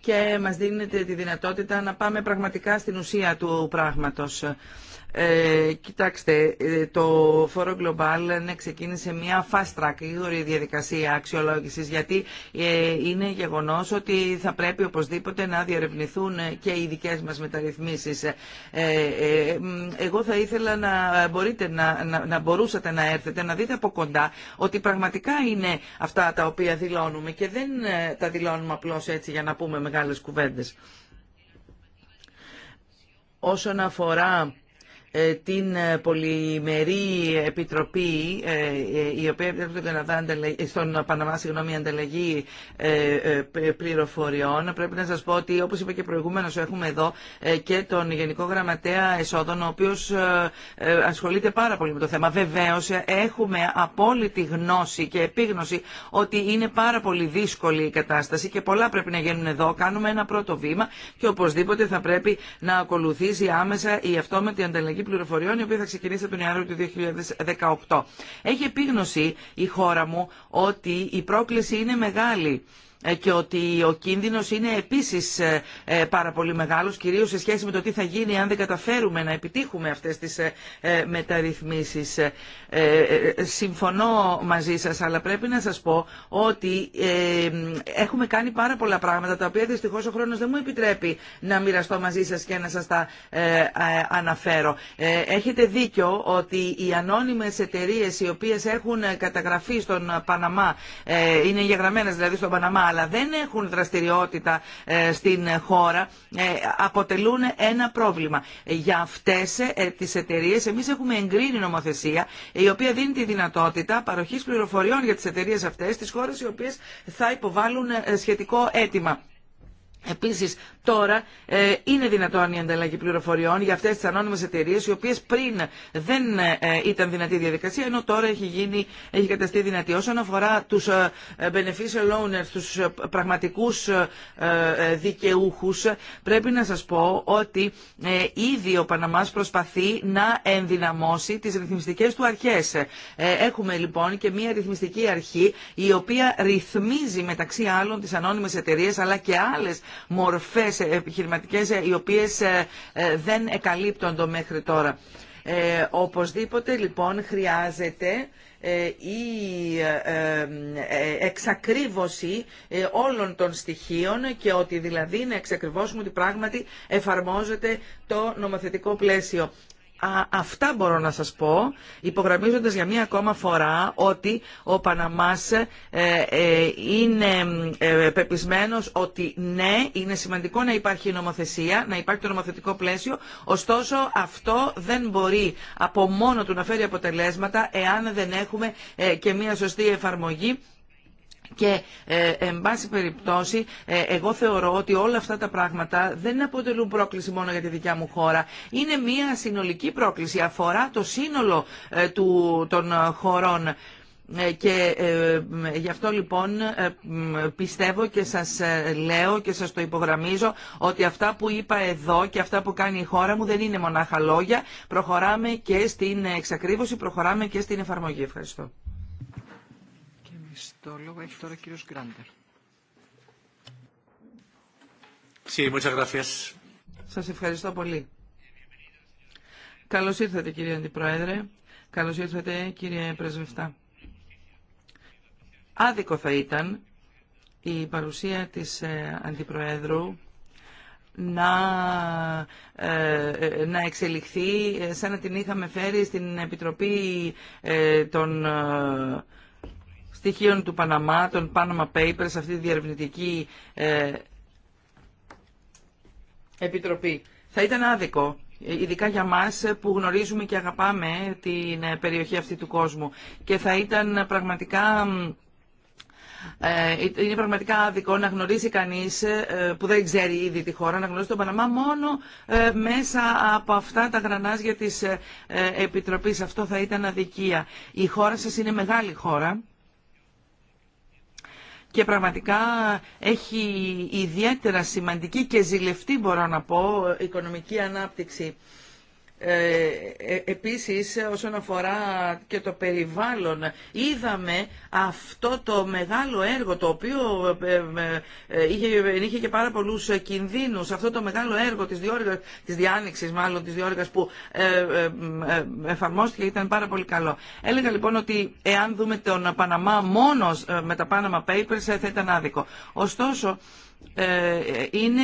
και μας δίνετε τη δυνατότητα να πάμε πραγματικά στην ουσία του πράγματος. Ε, κοιτάξτε, ε, το Φόρο Global ε, ναι, ξεκίνησε μια fast track, γρήγορη διαδικασία αξιολόγηση, γιατί ε, είναι γεγονό ότι θα πρέπει οπωσδήποτε να διερευνηθούν και οι δικέ μα μεταρρυθμίσει. εγώ θα ήθελα να, μπορείτε, να, να, να, μπορούσατε να έρθετε, να δείτε από κοντά ότι πραγματικά είναι αυτά τα οποία δηλώνουμε και δεν τα δηλώνουμε απλώ έτσι για να πούμε μεγάλε κουβέντε. Όσον αφορά ε, την ε, Πολυμερή Επιτροπή, ε, η οποία επιτρέπει στον, στον Παναμά συγγνώμη, ανταλλαγή πληροφοριών. Πρέπει να σας πω ότι, όπως είπα και προηγούμενος, έχουμε εδώ και τον Γενικό Γραμματέα Εσόδων, ο οποίος ασχολείται πάρα πολύ με το θέμα. Βεβαίως, έχουμε απόλυτη γνώση και επίγνωση ότι είναι πάρα πολύ δύσκολη η κατάσταση και πολλά πρέπει να γίνουν εδώ. Κάνουμε ένα πρώτο βήμα και οπωσδήποτε θα πρέπει να ακολουθήσει άμεσα η αυτόματη ανταλλαγή πληροφοριών, η οποία θα ξεκινήσει από τον Ιανουάριο του 2018. Έχει επίγνωση η χώρα μου ότι η πρόκληση είναι μεγάλη ε, και ότι ο κίνδυνος είναι επίσης ε, ε, πάρα πολύ μεγάλος, κυρίως σε σχέση με το τι θα γίνει αν δεν καταφέρουμε να επιτύχουμε αυτές τις μεταρρυθμίσεις. Συμφωνώ μαζί σας, αλλά πρέπει να σας πω ότι έχουμε κάνει πάρα πολλά πράγματα, τα οποία δυστυχώς ο χρόνος δεν μου επιτρέπει να μοιραστώ μαζί σας και να σας τα αναφέρω. Έχετε δίκιο ότι οι ανώνυμες εταιρείε οι οποίες έχουν καταγραφεί στον Παναμά, είναι εγγεγραμμένες δηλαδή στον Παναμά, αλλά δεν έχουν δραστηριότητα ε, στην χώρα ε, αποτελούν ένα πρόβλημα. Για αυτές ε, τις εταιρείες εμείς έχουμε εγκρίνει νομοθεσία η οποία δίνει τη δυνατότητα παροχής πληροφοριών για τις εταιρείες αυτές στις χώρες οι οποίες θα υποβάλουν σχετικό αίτημα. Επίσης τώρα ε, είναι δυνατόν η ανταλλαγή πληροφοριών για αυτές τις ανώνυμες εταιρείες οι οποίες πριν δεν ε, ήταν δυνατή διαδικασία ενώ τώρα έχει, γίνει, έχει καταστεί δυνατή. Όσον αφορά τους ε, beneficial owners, τους ε, πραγματικούς δικαιούχους πρέπει να σας πω ότι ήδη ο Παναμάς προσπαθεί να ενδυναμώσει τις ρυθμιστικές του αρχές. Έχουμε λοιπόν και μια ρυθμιστική αρχή η οποία ρυθμίζει μεταξύ άλλων τις ανώνυμες εταιρείες αλλά και άλλες μορφές επιχειρηματικές ε, οι οποίες ε, ε, δεν εκαλύπτονται μέχρι τώρα. Ε, οπωσδήποτε λοιπόν χρειάζεται η εξακρίβωση όλων των στοιχείων και ότι δηλαδή να εξακριβώσουμε ότι πράγματι εφαρμόζεται το νομοθετικό πλαίσιο αυτά μπορώ να σας πω, υπογραμμίζοντας για μία ακόμα φορά ότι ο Παναμάς ε, ε, είναι ε, πεπισμένος ότι ναι, είναι σημαντικό να υπάρχει νομοθεσία, να υπάρχει το νομοθετικό πλαίσιο, ωστόσο αυτό δεν μπορεί από μόνο του να φέρει αποτελέσματα εάν δεν έχουμε και μία σωστή εφαρμογή και ε, εν πάση περιπτώσει, ε, εγώ θεωρώ ότι όλα αυτά τα πράγματα δεν αποτελούν πρόκληση μόνο για τη δικιά μου χώρα. Είναι μια συνολική πρόκληση, αφορά το σύνολο ε, του, των χωρών. Ε, και γι' αυτό λοιπόν πιστεύω και σας λέω και σας το υπογραμμίζω ότι αυτά που είπα εδώ και αυτά που κάνει η χώρα μου δεν είναι μονάχα λόγια. Προχωράμε και στην εξακρίβωση, προχωράμε και στην εφαρμογή. Ευχαριστώ. Το λόγο έχει τώρα ο κύριος Γκράντερ. Σας ευχαριστώ πολύ. Καλώς ήρθατε κύριε Αντιπρόεδρε. Καλώς ήρθατε κύριε Πρεσβευτά. Άδικο θα ήταν η παρουσία της ε, Αντιπροέδρου να, ε, ε, να εξελιχθεί σαν να την είχαμε φέρει στην Επιτροπή των στοιχείων του Παναμά, των Panama Papers, αυτή τη διαρευνητική ε, επιτροπή. Θα ήταν άδικο, ειδικά για μας που γνωρίζουμε και αγαπάμε την ε, περιοχή αυτή του κόσμου. Και θα ήταν πραγματικά... Ε, είναι πραγματικά άδικο να γνωρίζει κανείς που δεν ξέρει ήδη τη χώρα, να γνωρίζει τον Παναμά μόνο μέσα από αυτά τα γρανάζια της Επιτροπής. Αυτό θα ήταν αδικία. Η χώρα σας είναι μεγάλη χώρα και πραγματικά έχει ιδιαίτερα σημαντική και ζηλευτή μπορώ να πω οικονομική ανάπτυξη. Ε, ε, επίσης όσον αφορά και το περιβάλλον είδαμε αυτό το μεγάλο έργο το οποίο ε, είχε, και πάρα πολλούς κινδύνους αυτό το μεγάλο έργο της, διόργας, της διάνοιξης μάλλον της διόργας που εφαρμόστηκε ήταν πάρα πολύ καλό. Έλεγα λοιπόν ότι εάν δούμε τον Παναμά μόνος με τα Panama Papers θα ήταν άδικο. Ωστόσο ε, είναι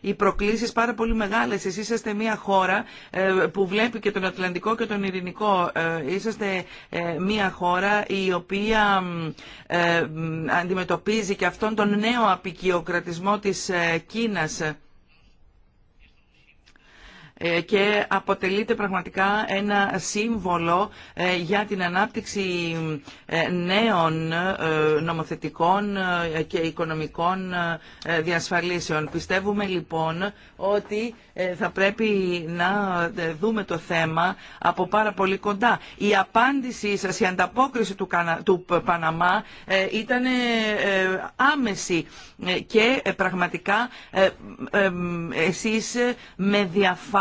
οι προκλήσεις πάρα πολύ μεγάλες. Εσείς είστε μια χώρα ε, που βλέπει και τον Ατλαντικό και τον Ειρηνικό. Ε, είσαστε μια χώρα η οποία αντιμετωπίζει και αυτόν τον νέο απεικιοκρατισμό της Κίνας. Ε, και αποτελείται πραγματικά ένα σύμβολο ε, για την ανάπτυξη ε, νέων νομοθετικών και οικονομικών διασφαλίσεων. Πιστεύουμε λοιπόν ότι θα πρέπει να δούμε το θέμα από πάρα πολύ κοντά. Η απάντησή σας, η ανταπόκριση του Παναμά ήταν άμεση και πραγματικά εσείς με διαφάνεια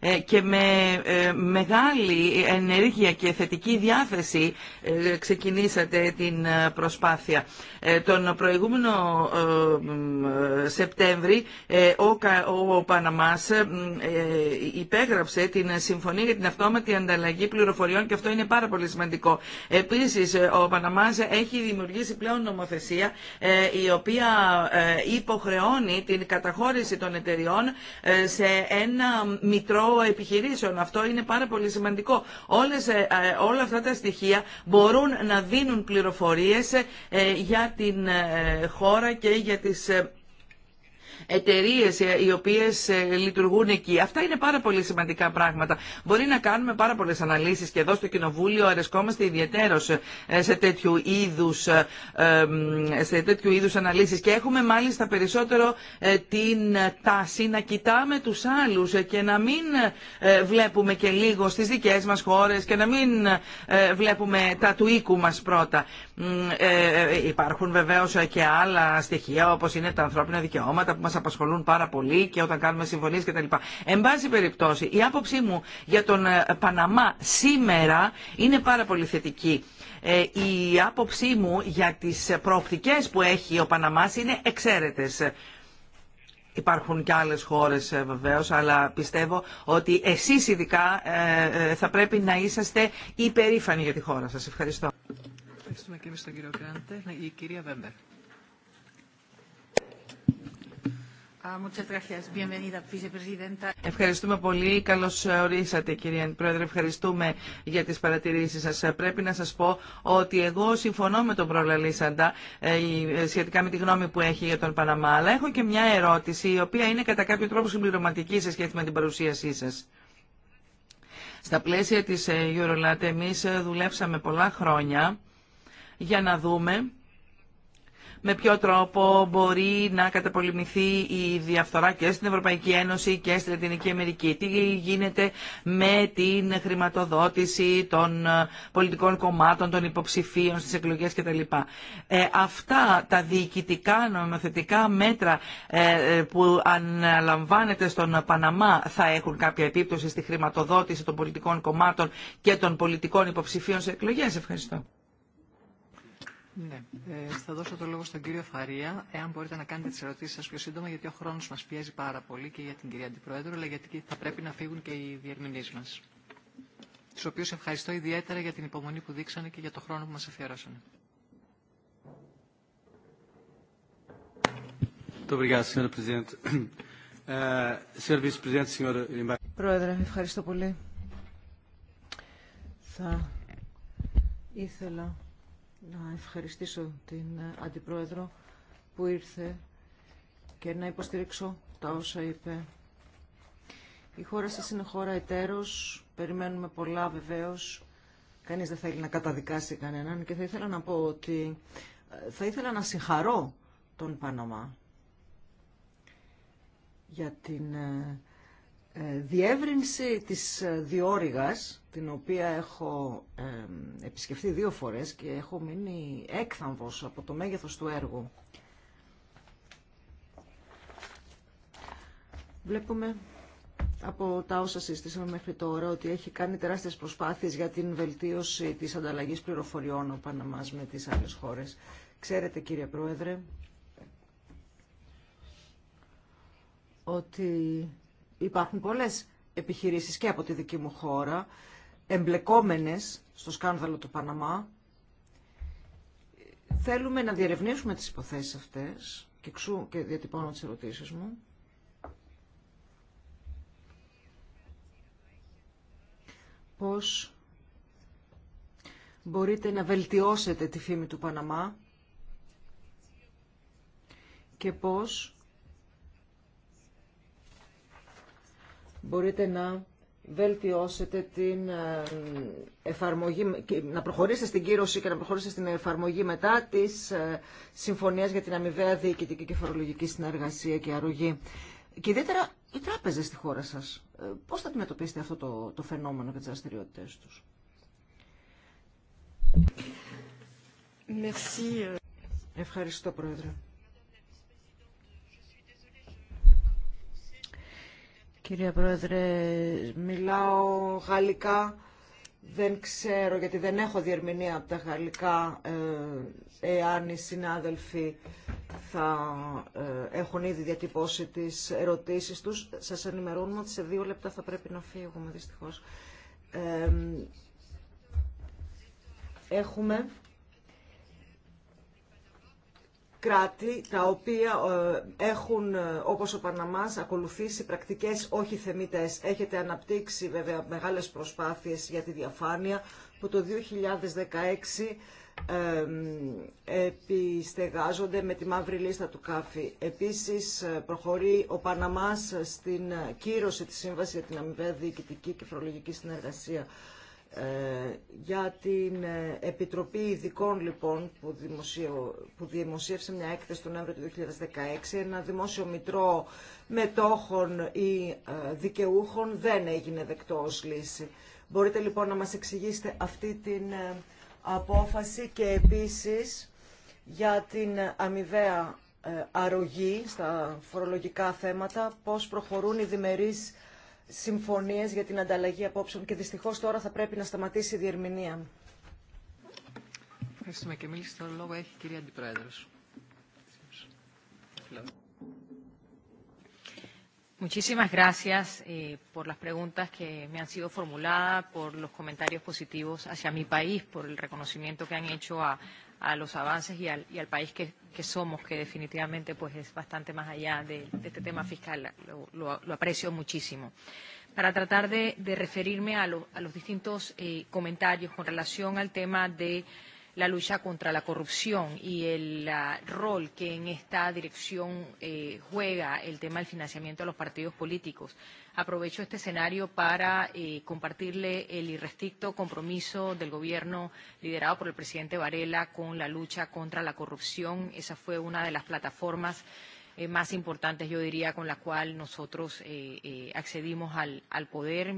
ε, και με ε, μεγάλη ενέργεια και θετική διάθεση ε, ξεκινήσατε την προσπάθεια. Τον προηγούμενο Σεπτέμβρη ο Παναμάς υπέγραψε την Συμφωνία για την Αυτόματη Ανταλλαγή Πληροφοριών και αυτό είναι πάρα πολύ σημαντικό. Επίσης ο Παναμάς έχει δημιουργήσει πλέον νομοθεσία η οποία υποχρεώνει την καταχώρηση των εταιριών σε ένα μητρό επιχειρήσεων. Αυτό είναι πάρα πολύ σημαντικό. Όλες, ε, ε, όλα αυτά τα στοιχεία μπορούν να δίνουν πληροφορίες ε, για την χώρα και για τις Εταιρείε οι οποίε ε, λειτουργούν εκεί. Αυτά είναι πάρα πολύ σημαντικά πράγματα. Μπορεί να κάνουμε πάρα πολλέ αναλύσει και εδώ στο Κοινοβούλιο αρεσκόμαστε ιδιαίτερω ε, σε τέτοιου είδου ε, σε τέτοιου είδους αναλύσεις και έχουμε μάλιστα περισσότερο την τάση να κοιτάμε τους άλλους και να μην βλέπουμε και λίγο στις δικές μας χώρες και να μην βλέπουμε τα του οίκου μας πρώτα. Υπάρχουν βεβαίως και άλλα στοιχεία όπως είναι τα ανθρώπινα δικαιώματα που Μα απασχολούν πάρα πολύ και όταν κάνουμε συμφωνίε κτλ. Εν πάση περιπτώσει, η άποψή μου για τον ε, Παναμά σήμερα είναι πάρα πολύ θετική. Ε, η άποψή μου για τις προοπτικές που έχει ο Παναμάς είναι εξαίρετε. Υπάρχουν και άλλες χώρες ε, βεβαίως, αλλά πιστεύω ότι εσείς ειδικά θα πρέπει να είσαστε υπερήφανοι για τη χώρα σας. Ευχαριστώ. Ευχαριστούμε και εμείς τον κύριο Κράντε. Η κυρία Βέμπερ. Ah, Ευχαριστούμε πολύ. Καλώ ορίσατε κυρία Πρόεδρε. Ευχαριστούμε για τι παρατηρήσει σα. Πρέπει να σα πω ότι εγώ συμφωνώ με τον Λίσαντα ε, ε, σχετικά με τη γνώμη που έχει για τον Παναμά. Αλλά έχω και μια ερώτηση η οποία είναι κατά κάποιο τρόπο συμπληρωματική σε σχέση με την παρουσίασή σα. Στα πλαίσια τη ε, Eurolat εμεί δουλέψαμε πολλά χρόνια για να δούμε με ποιο τρόπο μπορεί να καταπολεμηθεί η διαφθορά και στην Ευρωπαϊκή Ένωση και στη Λατινική Αμερική. Τι γίνεται με την χρηματοδότηση των ε, πολιτικών κομμάτων, των υποψηφίων στις εκλογές κτλ. Ε, αυτά τα διοικητικά νομοθετικά μέτρα ε, ε, που αναλαμβάνεται στον Παναμά θα έχουν κάποια επίπτωση στη χρηματοδότηση των πολιτικών κομμάτων και των πολιτικών υποψηφίων σε εκλογές. Ευχαριστώ. Ναι. Ε, θα δώσω το λόγο στον κύριο Φαρία. Εάν μπορείτε να κάνετε τι ερωτήσει σα πιο σύντομα, γιατί ο χρόνο μα πιέζει πάρα πολύ και για την κυρία Αντιπρόεδρο, αλλά γιατί θα πρέπει να φύγουν και οι διερμηνεί μα. Του οποίου ευχαριστώ ιδιαίτερα για την υπομονή που δείξανε και για το χρόνο που μα αφιερώσανε. Eh, Πρόεδρε, ευχαριστώ πολύ. Θα ήθελα να ευχαριστήσω την Αντιπρόεδρο που ήρθε και να υποστηρίξω τα όσα είπε. Η χώρα σας είναι χώρα εταίρος, περιμένουμε πολλά βεβαίως. Κανείς δεν θέλει να καταδικάσει κανέναν και θα ήθελα να πω ότι ε, θα ήθελα να συγχαρώ τον πανόμα για την ε, ε, διεύρυνση της ε, διόρυγας, την οποία έχω ε, επισκεφθεί δύο φορές και έχω μείνει έκθαμβος από το μέγεθος του έργου. Βλέπουμε από τα όσα συστήσαμε μέχρι τώρα ότι έχει κάνει τεράστιες προσπάθειες για την βελτίωση της ανταλλαγής πληροφοριών ο Παναμάς με τις άλλες χώρες. Ξέρετε κύριε Πρόεδρε ότι Υπάρχουν πολλές επιχειρήσεις και από τη δική μου χώρα, εμπλεκόμενες στο σκάνδαλο του Παναμά. Θέλουμε να διερευνήσουμε τις υποθέσεις αυτές και, ξού, και διατυπώνω τις ερωτήσεις μου. Πώς μπορείτε να βελτιώσετε τη φήμη του Παναμά και πώς μπορείτε να βελτιώσετε την ε, εφαρμογή, να προχωρήσετε στην κύρωση και να προχωρήσετε στην εφαρμογή μετά της ε, Συμφωνίας για την Αμοιβαία Διοικητική και Φορολογική Συνεργασία και Αρρωγή. Και ιδιαίτερα οι τράπεζες στη χώρα σας. Ε, πώς θα αντιμετωπίσετε αυτό το, το φαινόμενο και τις δραστηριότητε τους. Ευχαριστώ, Πρόεδρε. Κύριε Πρόεδρε, μιλάω γαλλικά. Δεν ξέρω, γιατί δεν έχω διερμηνία από τα γαλλικά, ε, εάν οι συνάδελφοι θα ε, έχουν ήδη διατυπώσει τις ερωτήσεις τους. Σας ενημερώνουμε ότι σε δύο λεπτά θα πρέπει να φύγουμε, δυστυχώς. Ε, έχουμε κράτη τα οποία ε, έχουν, ε, όπως ο Παναμάς, ακολουθήσει πρακτικές όχι θεμίτες. Έχετε αναπτύξει βέβαια μεγάλες προσπάθειες για τη διαφάνεια που το 2016 επιστεγάζονται με τη μαύρη λίστα του ΚΑΦΗ. Επίσης ε, προχωρεί ο Παναμάς στην κύρωση της Σύμβασης για την Αμοιβαία Διοικητική και Φορολογική Συνεργασία ε, για την ε, Επιτροπή Ειδικών λοιπόν που, δημοσιο... που δημοσίευσε μια έκθεση τον Νοέμβριο του 2016 ένα δημόσιο μητρό μετόχων ή ε, δικαιούχων δεν έγινε δεκτό ως λύση. Μπορείτε λοιπόν να μας εξηγήσετε αυτή την απόφαση και επίσης για την αμοιβαία αρρωγή στα φορολογικά θέματα πώς προχωρούν οι διμερείς συμφωνίες για την ανταλλαγή απόψεων και δυστυχώς τώρα θα πρέπει να σταματήσει η διερμηνία. Ευχαριστούμε και μίλησε το λόγο έχει η κυρία Αντιπρόεδρος. Muchísimas gracias eh, por las preguntas que me han sido formuladas, por los comentarios positivos hacia mi país, por el reconocimiento que han hecho a, a los avances y al, y al país que, que somos, que definitivamente pues es bastante más allá de, de este tema fiscal. Lo, lo, lo aprecio muchísimo. Para tratar de, de referirme a, lo, a los distintos eh, comentarios con relación al tema de la lucha contra la corrupción y el rol que en esta dirección juega el tema del financiamiento de los partidos políticos. Aprovecho este escenario para compartirle el irrestricto compromiso del gobierno liderado por el presidente Varela con la lucha contra la corrupción. Esa fue una de las plataformas más importantes, yo diría, con la cual nosotros accedimos al poder.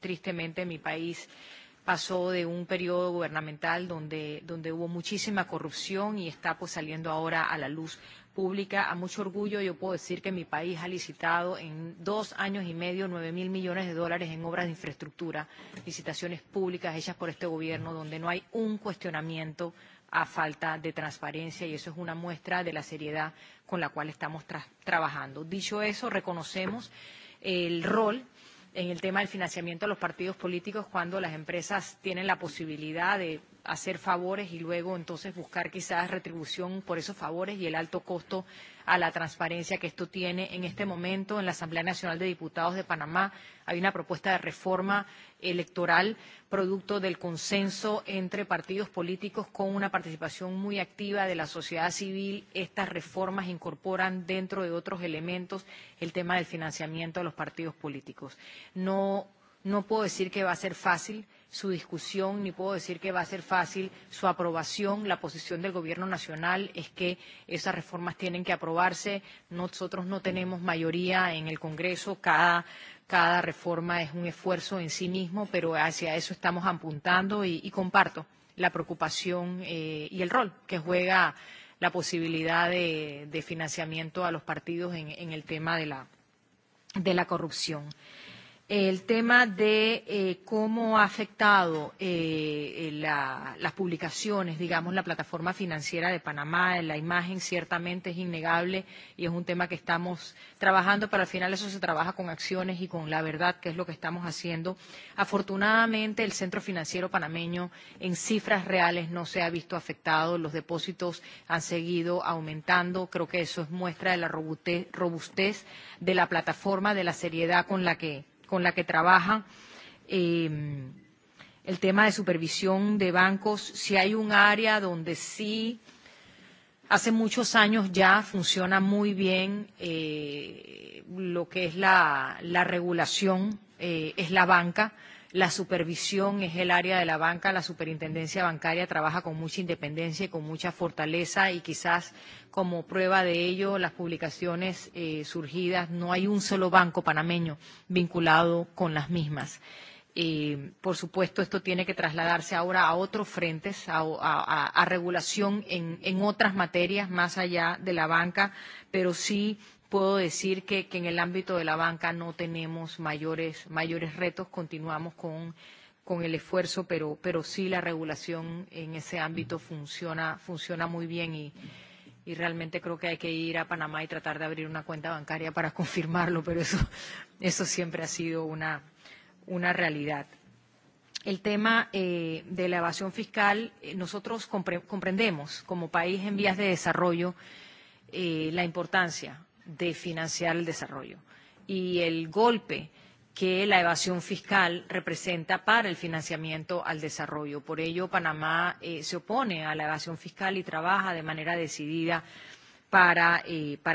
Tristemente, en mi país pasó de un periodo gubernamental donde, donde hubo muchísima corrupción y está pues, saliendo ahora a la luz pública. A mucho orgullo yo puedo decir que mi país ha licitado en dos años y medio nueve mil millones de dólares en obras de infraestructura, licitaciones públicas hechas por este gobierno donde no hay un cuestionamiento a falta de transparencia y eso es una muestra de la seriedad con la cual estamos trabajando. Dicho eso, reconocemos el rol en el tema del financiamiento de los partidos políticos cuando las empresas tienen la posibilidad de hacer favores y luego entonces buscar quizás retribución por esos favores y el alto costo a la transparencia que esto tiene. En este momento, en la Asamblea Nacional de Diputados de Panamá, hay una propuesta de reforma electoral producto del consenso entre partidos políticos con una participación muy activa de la sociedad civil. Estas reformas incorporan dentro de otros elementos el tema del financiamiento de los partidos políticos. No puedo decir que va a ser fácil su discusión, ni puedo decir que va a ser fácil su aprobación. La posición del Gobierno Nacional es que esas reformas tienen que aprobarse. Nosotros no tenemos mayoría en el Congreso. Cada reforma es un esfuerzo en sí mismo, pero hacia eso estamos apuntando y comparto la preocupación y el rol que juega la posibilidad de financiamiento a los partidos en el tema de la corrupción el tema de cómo ha afectado las publicaciones, digamos, la plataforma financiera de Panamá, la imagen ciertamente es innegable y es un tema que estamos trabajando, pero al final eso se trabaja con acciones y con la verdad, que es lo que estamos haciendo. Afortunadamente, el Centro Financiero Panameño en cifras reales no se ha visto afectado, los depósitos han seguido aumentando, creo que eso es muestra de la robustez de la plataforma, de la seriedad con la que con la que trabaja el tema de supervisión de bancos, si hay un área donde sí hace muchos años ya funciona muy bien lo que es la regulación, es la banca La supervisión es el área de la banca. La superintendencia bancaria trabaja con mucha independencia y con mucha fortaleza y quizás como prueba de ello las publicaciones surgidas. No hay un solo banco panameño vinculado con las mismas. Por supuesto, esto tiene que trasladarse ahora a otros frentes, a regulación en otras materias más allá de la banca, pero sí puedo decir que en el ámbito de la banca no tenemos mayores mayores retos, continuamos con con el esfuerzo, pero pero sí la regulación en ese ámbito funciona funciona muy bien y y realmente creo que hay que ir a Panamá y tratar de abrir una cuenta bancaria para confirmarlo, pero eso eso siempre ha sido una una realidad. El tema de la evasión fiscal, nosotros comprendemos como país en vías de desarrollo la importancia de financiar el desarrollo y el golpe que la evasión fiscal representa para el financiamiento al desarrollo. Por ello, Panamá se opone a la evasión fiscal y trabaja de manera decidida para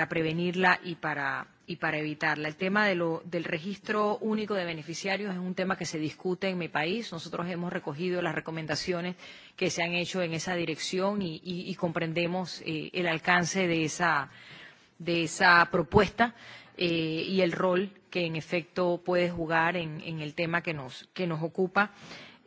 prevenirla y para evitarla. El tema del registro único de beneficiarios es un tema que se discute en mi país. Nosotros hemos recogido las recomendaciones que se han hecho en esa dirección y comprendemos el alcance de esa de esa propuesta y el rol que en efecto puede jugar en, en el tema que nos, que nos ocupa.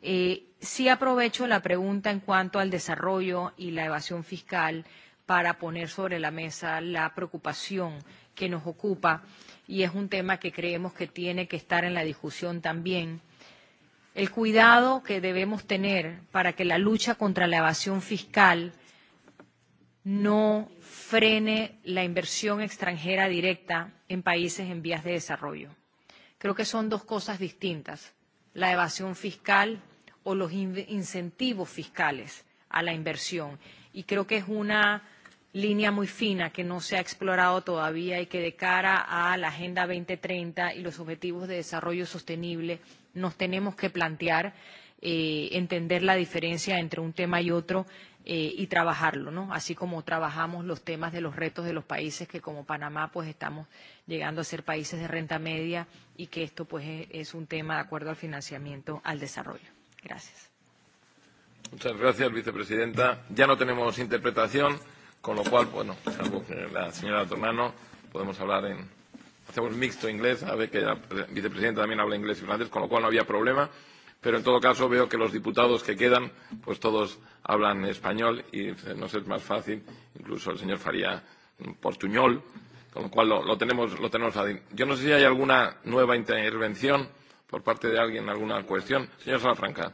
Eh, sí aprovecho la pregunta en cuanto al desarrollo y la evasión fiscal para poner sobre la mesa la preocupación que nos ocupa y es un tema que creemos que tiene que estar en la discusión también. El cuidado que debemos tener para que la lucha contra la evasión fiscal no frene la inversión extranjera directa en países en vías de desarrollo. Creo que son dos cosas distintas, la evasión fiscal o los incentivos fiscales a la inversión. Y creo que es una línea muy fina que no se ha explorado todavía y que de cara a la Agenda 2030 y los Objetivos de Desarrollo Sostenible nos tenemos que plantear entender la diferencia entre un tema y otro y trabajarlo, ¿no? Así como trabajamos los temas de los retos de los países que como Panamá pues estamos llegando a ser países de renta media y que esto pues es un tema de acuerdo al financiamiento al desarrollo. Gracias. Muchas gracias, vicepresidenta. Ya no tenemos interpretación, con lo cual, bueno, salvo que la señora Tornano, podemos hablar en... Hacemos mixto inglés, a ver que la vicepresidenta también habla inglés y francés, con lo cual no había problema pero en todo caso veo que los diputados que quedan, pues todos hablan español y nos es más fácil, incluso el señor Faría portuñol, con lo cual lo, tenemos, lo tenemos fácil. Yo no sé si hay alguna nueva intervención por parte de alguien, alguna cuestión. Señor Salafranca.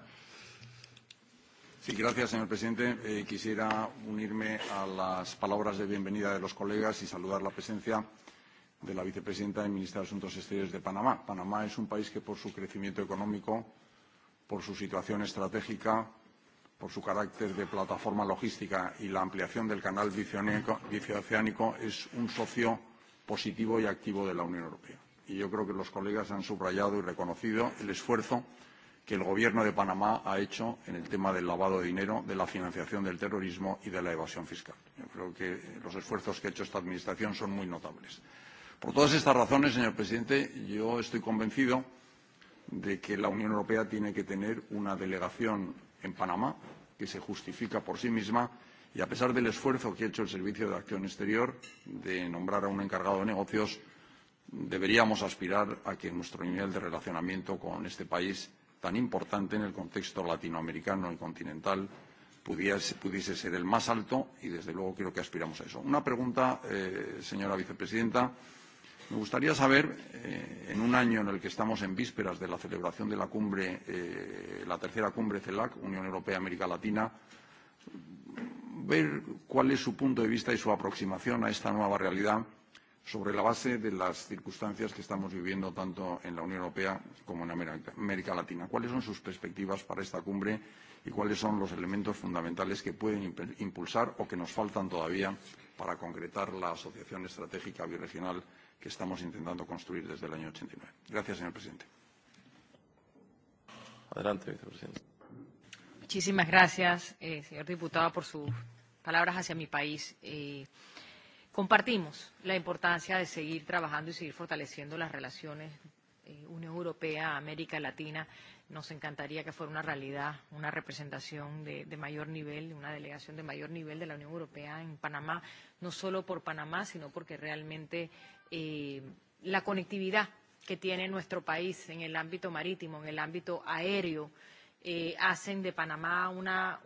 Sí, gracias, señor presidente. Quisiera unirme a las palabras de bienvenida de los colegas y saludar la presencia de la vicepresidenta y ministra de Asuntos Exteriores de Panamá. Panamá es un país que, por su crecimiento económico, por su situación estratégica, por su carácter de plataforma logística y la ampliación del canal bicioceánico, es un socio positivo y activo de la Unión Europea. Y yo creo que los colegas han subrayado y reconocido el esfuerzo que el Gobierno de Panamá ha hecho en el tema del lavado de dinero, de la financiación del terrorismo y de la evasión fiscal. Yo creo que los esfuerzos que ha hecho esta Administración son muy notables. Por todas estas razones, señor presidente, yo estoy convencido de que la Unión Europea tiene que tener una delegación en Panamá que se justifica por sí misma y a pesar del esfuerzo que ha hecho el Servicio de Acción Exterior de nombrar a un encargado de negocios, deberíamos aspirar a que nuestro nivel de relacionamiento con este país tan importante en el contexto latinoamericano y continental pudiese ser el más alto y, desde luego, creo que aspiramos a eso. Una pregunta, señora vicepresidenta. Me gustaría saber, en un año en el que estamos en vísperas de la celebración de la cumbre, la tercera cumbre CELAC, Unión Europea-América Latina, ver cuál es su punto de vista y su aproximación a esta nueva realidad sobre la base de las circunstancias que estamos viviendo tanto en la Unión Europea como en América Latina. ¿Cuáles son sus perspectivas para esta cumbre y cuáles son los elementos fundamentales que pueden impulsar o que nos faltan todavía para concretar la asociación estratégica biregional? que estamos intentando construir desde el año 89. Gracias, señor presidente. Adelante, vicepresidente. Muchísimas gracias, eh, señor diputado, por sus palabras hacia mi país. Eh, compartimos la importancia de seguir trabajando y seguir fortaleciendo las relaciones eh, Unión Europea, América Latina. Nos encantaría que fuera una realidad, una representación de, de mayor nivel, una delegación de mayor nivel de la Unión Europea en Panamá, no solo por Panamá, sino porque realmente la conectividad que tiene nuestro país en el ámbito marítimo, en el ámbito aéreo, hacen de Panamá una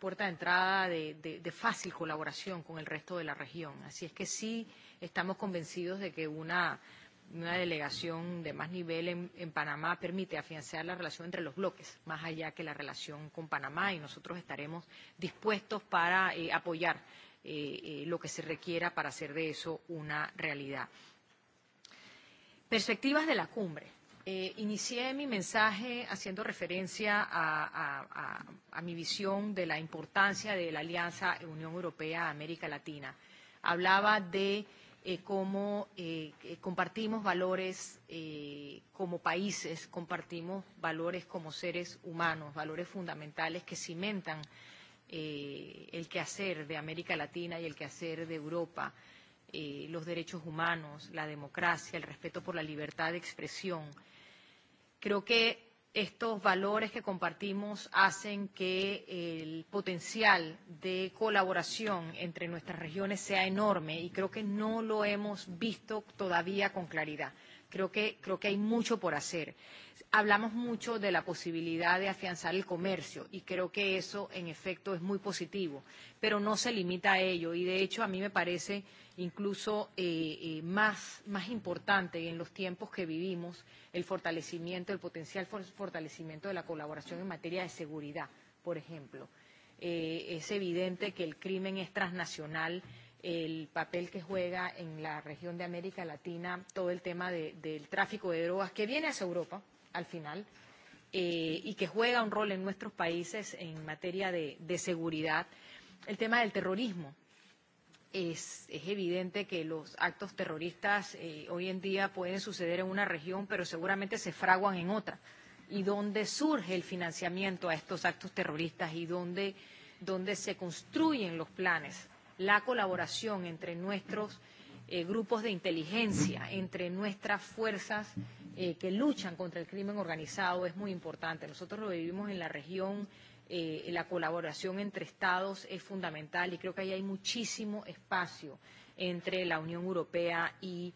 puerta de entrada de fácil colaboración con el resto de la región. Así es que sí estamos convencidos de que una delegación de más nivel en Panamá permite afianzar la relación entre los bloques, más allá que la relación con Panamá, y nosotros estaremos dispuestos para apoyar lo que se requiera para hacer de eso una realidad. Perspectivas de la cumbre. Inicié mi mensaje haciendo referencia a mi visión de la importancia de la alianza Unión Europea-América Latina. Hablaba de cómo compartimos valores como países, compartimos valores como seres humanos, valores fundamentales que cimentan el quehacer de América Latina y el quehacer de Europa, los derechos humanos, la democracia, el respeto por la libertad de expresión. Creo que estos valores que compartimos hacen que el potencial de colaboración entre nuestras regiones sea enorme y creo que no lo hemos visto todavía con claridad. Creo que, creo que hay mucho por hacer. Hablamos mucho de la posibilidad de afianzar el comercio y creo que eso, en efecto, es muy positivo, pero no se limita a ello y, de hecho, a mí me parece incluso más importante en los tiempos que vivimos el fortalecimiento, el potencial fortalecimiento de la colaboración en materia de seguridad, por ejemplo. Es evidente que el crimen es transnacional el papel que juega en la región de América Latina todo el tema del tráfico de drogas que viene hacia Europa al final y que juega un rol en nuestros países en materia de seguridad. El tema del terrorismo. Es evidente que los actos terroristas hoy en día pueden suceder en una región, pero seguramente se fraguan en otra. Y donde surge el financiamiento a estos actos terroristas y donde se construyen los planes la colaboración entre nuestros grupos de inteligencia, entre nuestras fuerzas que luchan contra el crimen organizado es muy importante. Nosotros lo vivimos en la región, la colaboración entre Estados es fundamental y creo que ahí hay muchísimo espacio entre la Unión Europea y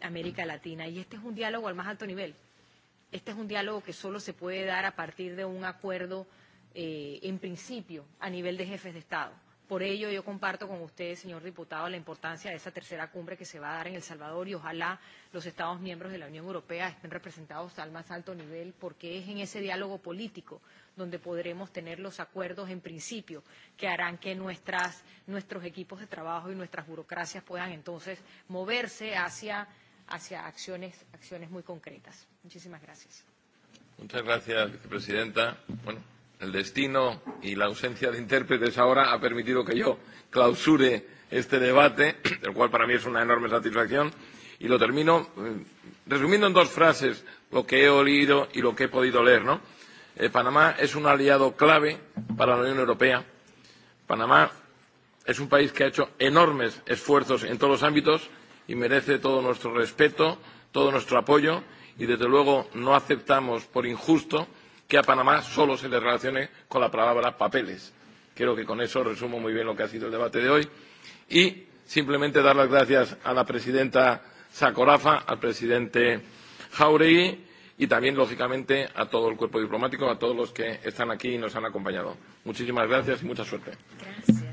América Latina. Y este es un diálogo al más alto nivel. Este es un diálogo que solo se puede dar a partir de un acuerdo, en principio, a nivel de jefes de Estado Por ello, yo comparto con usted, señor diputado, la importancia de esa tercera cumbre que se va a dar en El Salvador y ojalá los Estados miembros de la Unión Europea estén representados al más alto nivel porque es en ese diálogo político donde podremos tener los acuerdos en principio que harán que nuestras, nuestros equipos de trabajo y nuestras burocracias puedan entonces moverse hacia, hacia acciones, acciones muy concretas. Muchísimas gracias. Muchas gracias, vicepresidenta. Bueno el destino y la ausencia de intérpretes ahora ha permitido que yo clausure este debate, el cual para mí es una enorme satisfacción, y lo termino resumiendo en dos frases lo que he oído y lo que he podido leer. ¿no? Panamá es un aliado clave para la Unión Europea. Panamá es un país que ha hecho enormes esfuerzos en todos los ámbitos y merece todo nuestro respeto, todo nuestro apoyo y desde luego no aceptamos por injusto que a Panamá solo se le relacione con la palabra papeles. Creo que con eso resumo muy bien lo que ha sido el debate de hoy. Y simplemente dar las gracias a la presidenta Sakorafa, al presidente Jauregui y también, lógicamente, a todo el cuerpo diplomático, a todos los que están aquí y nos han acompañado. Muchísimas gracias y mucha suerte. Gracias.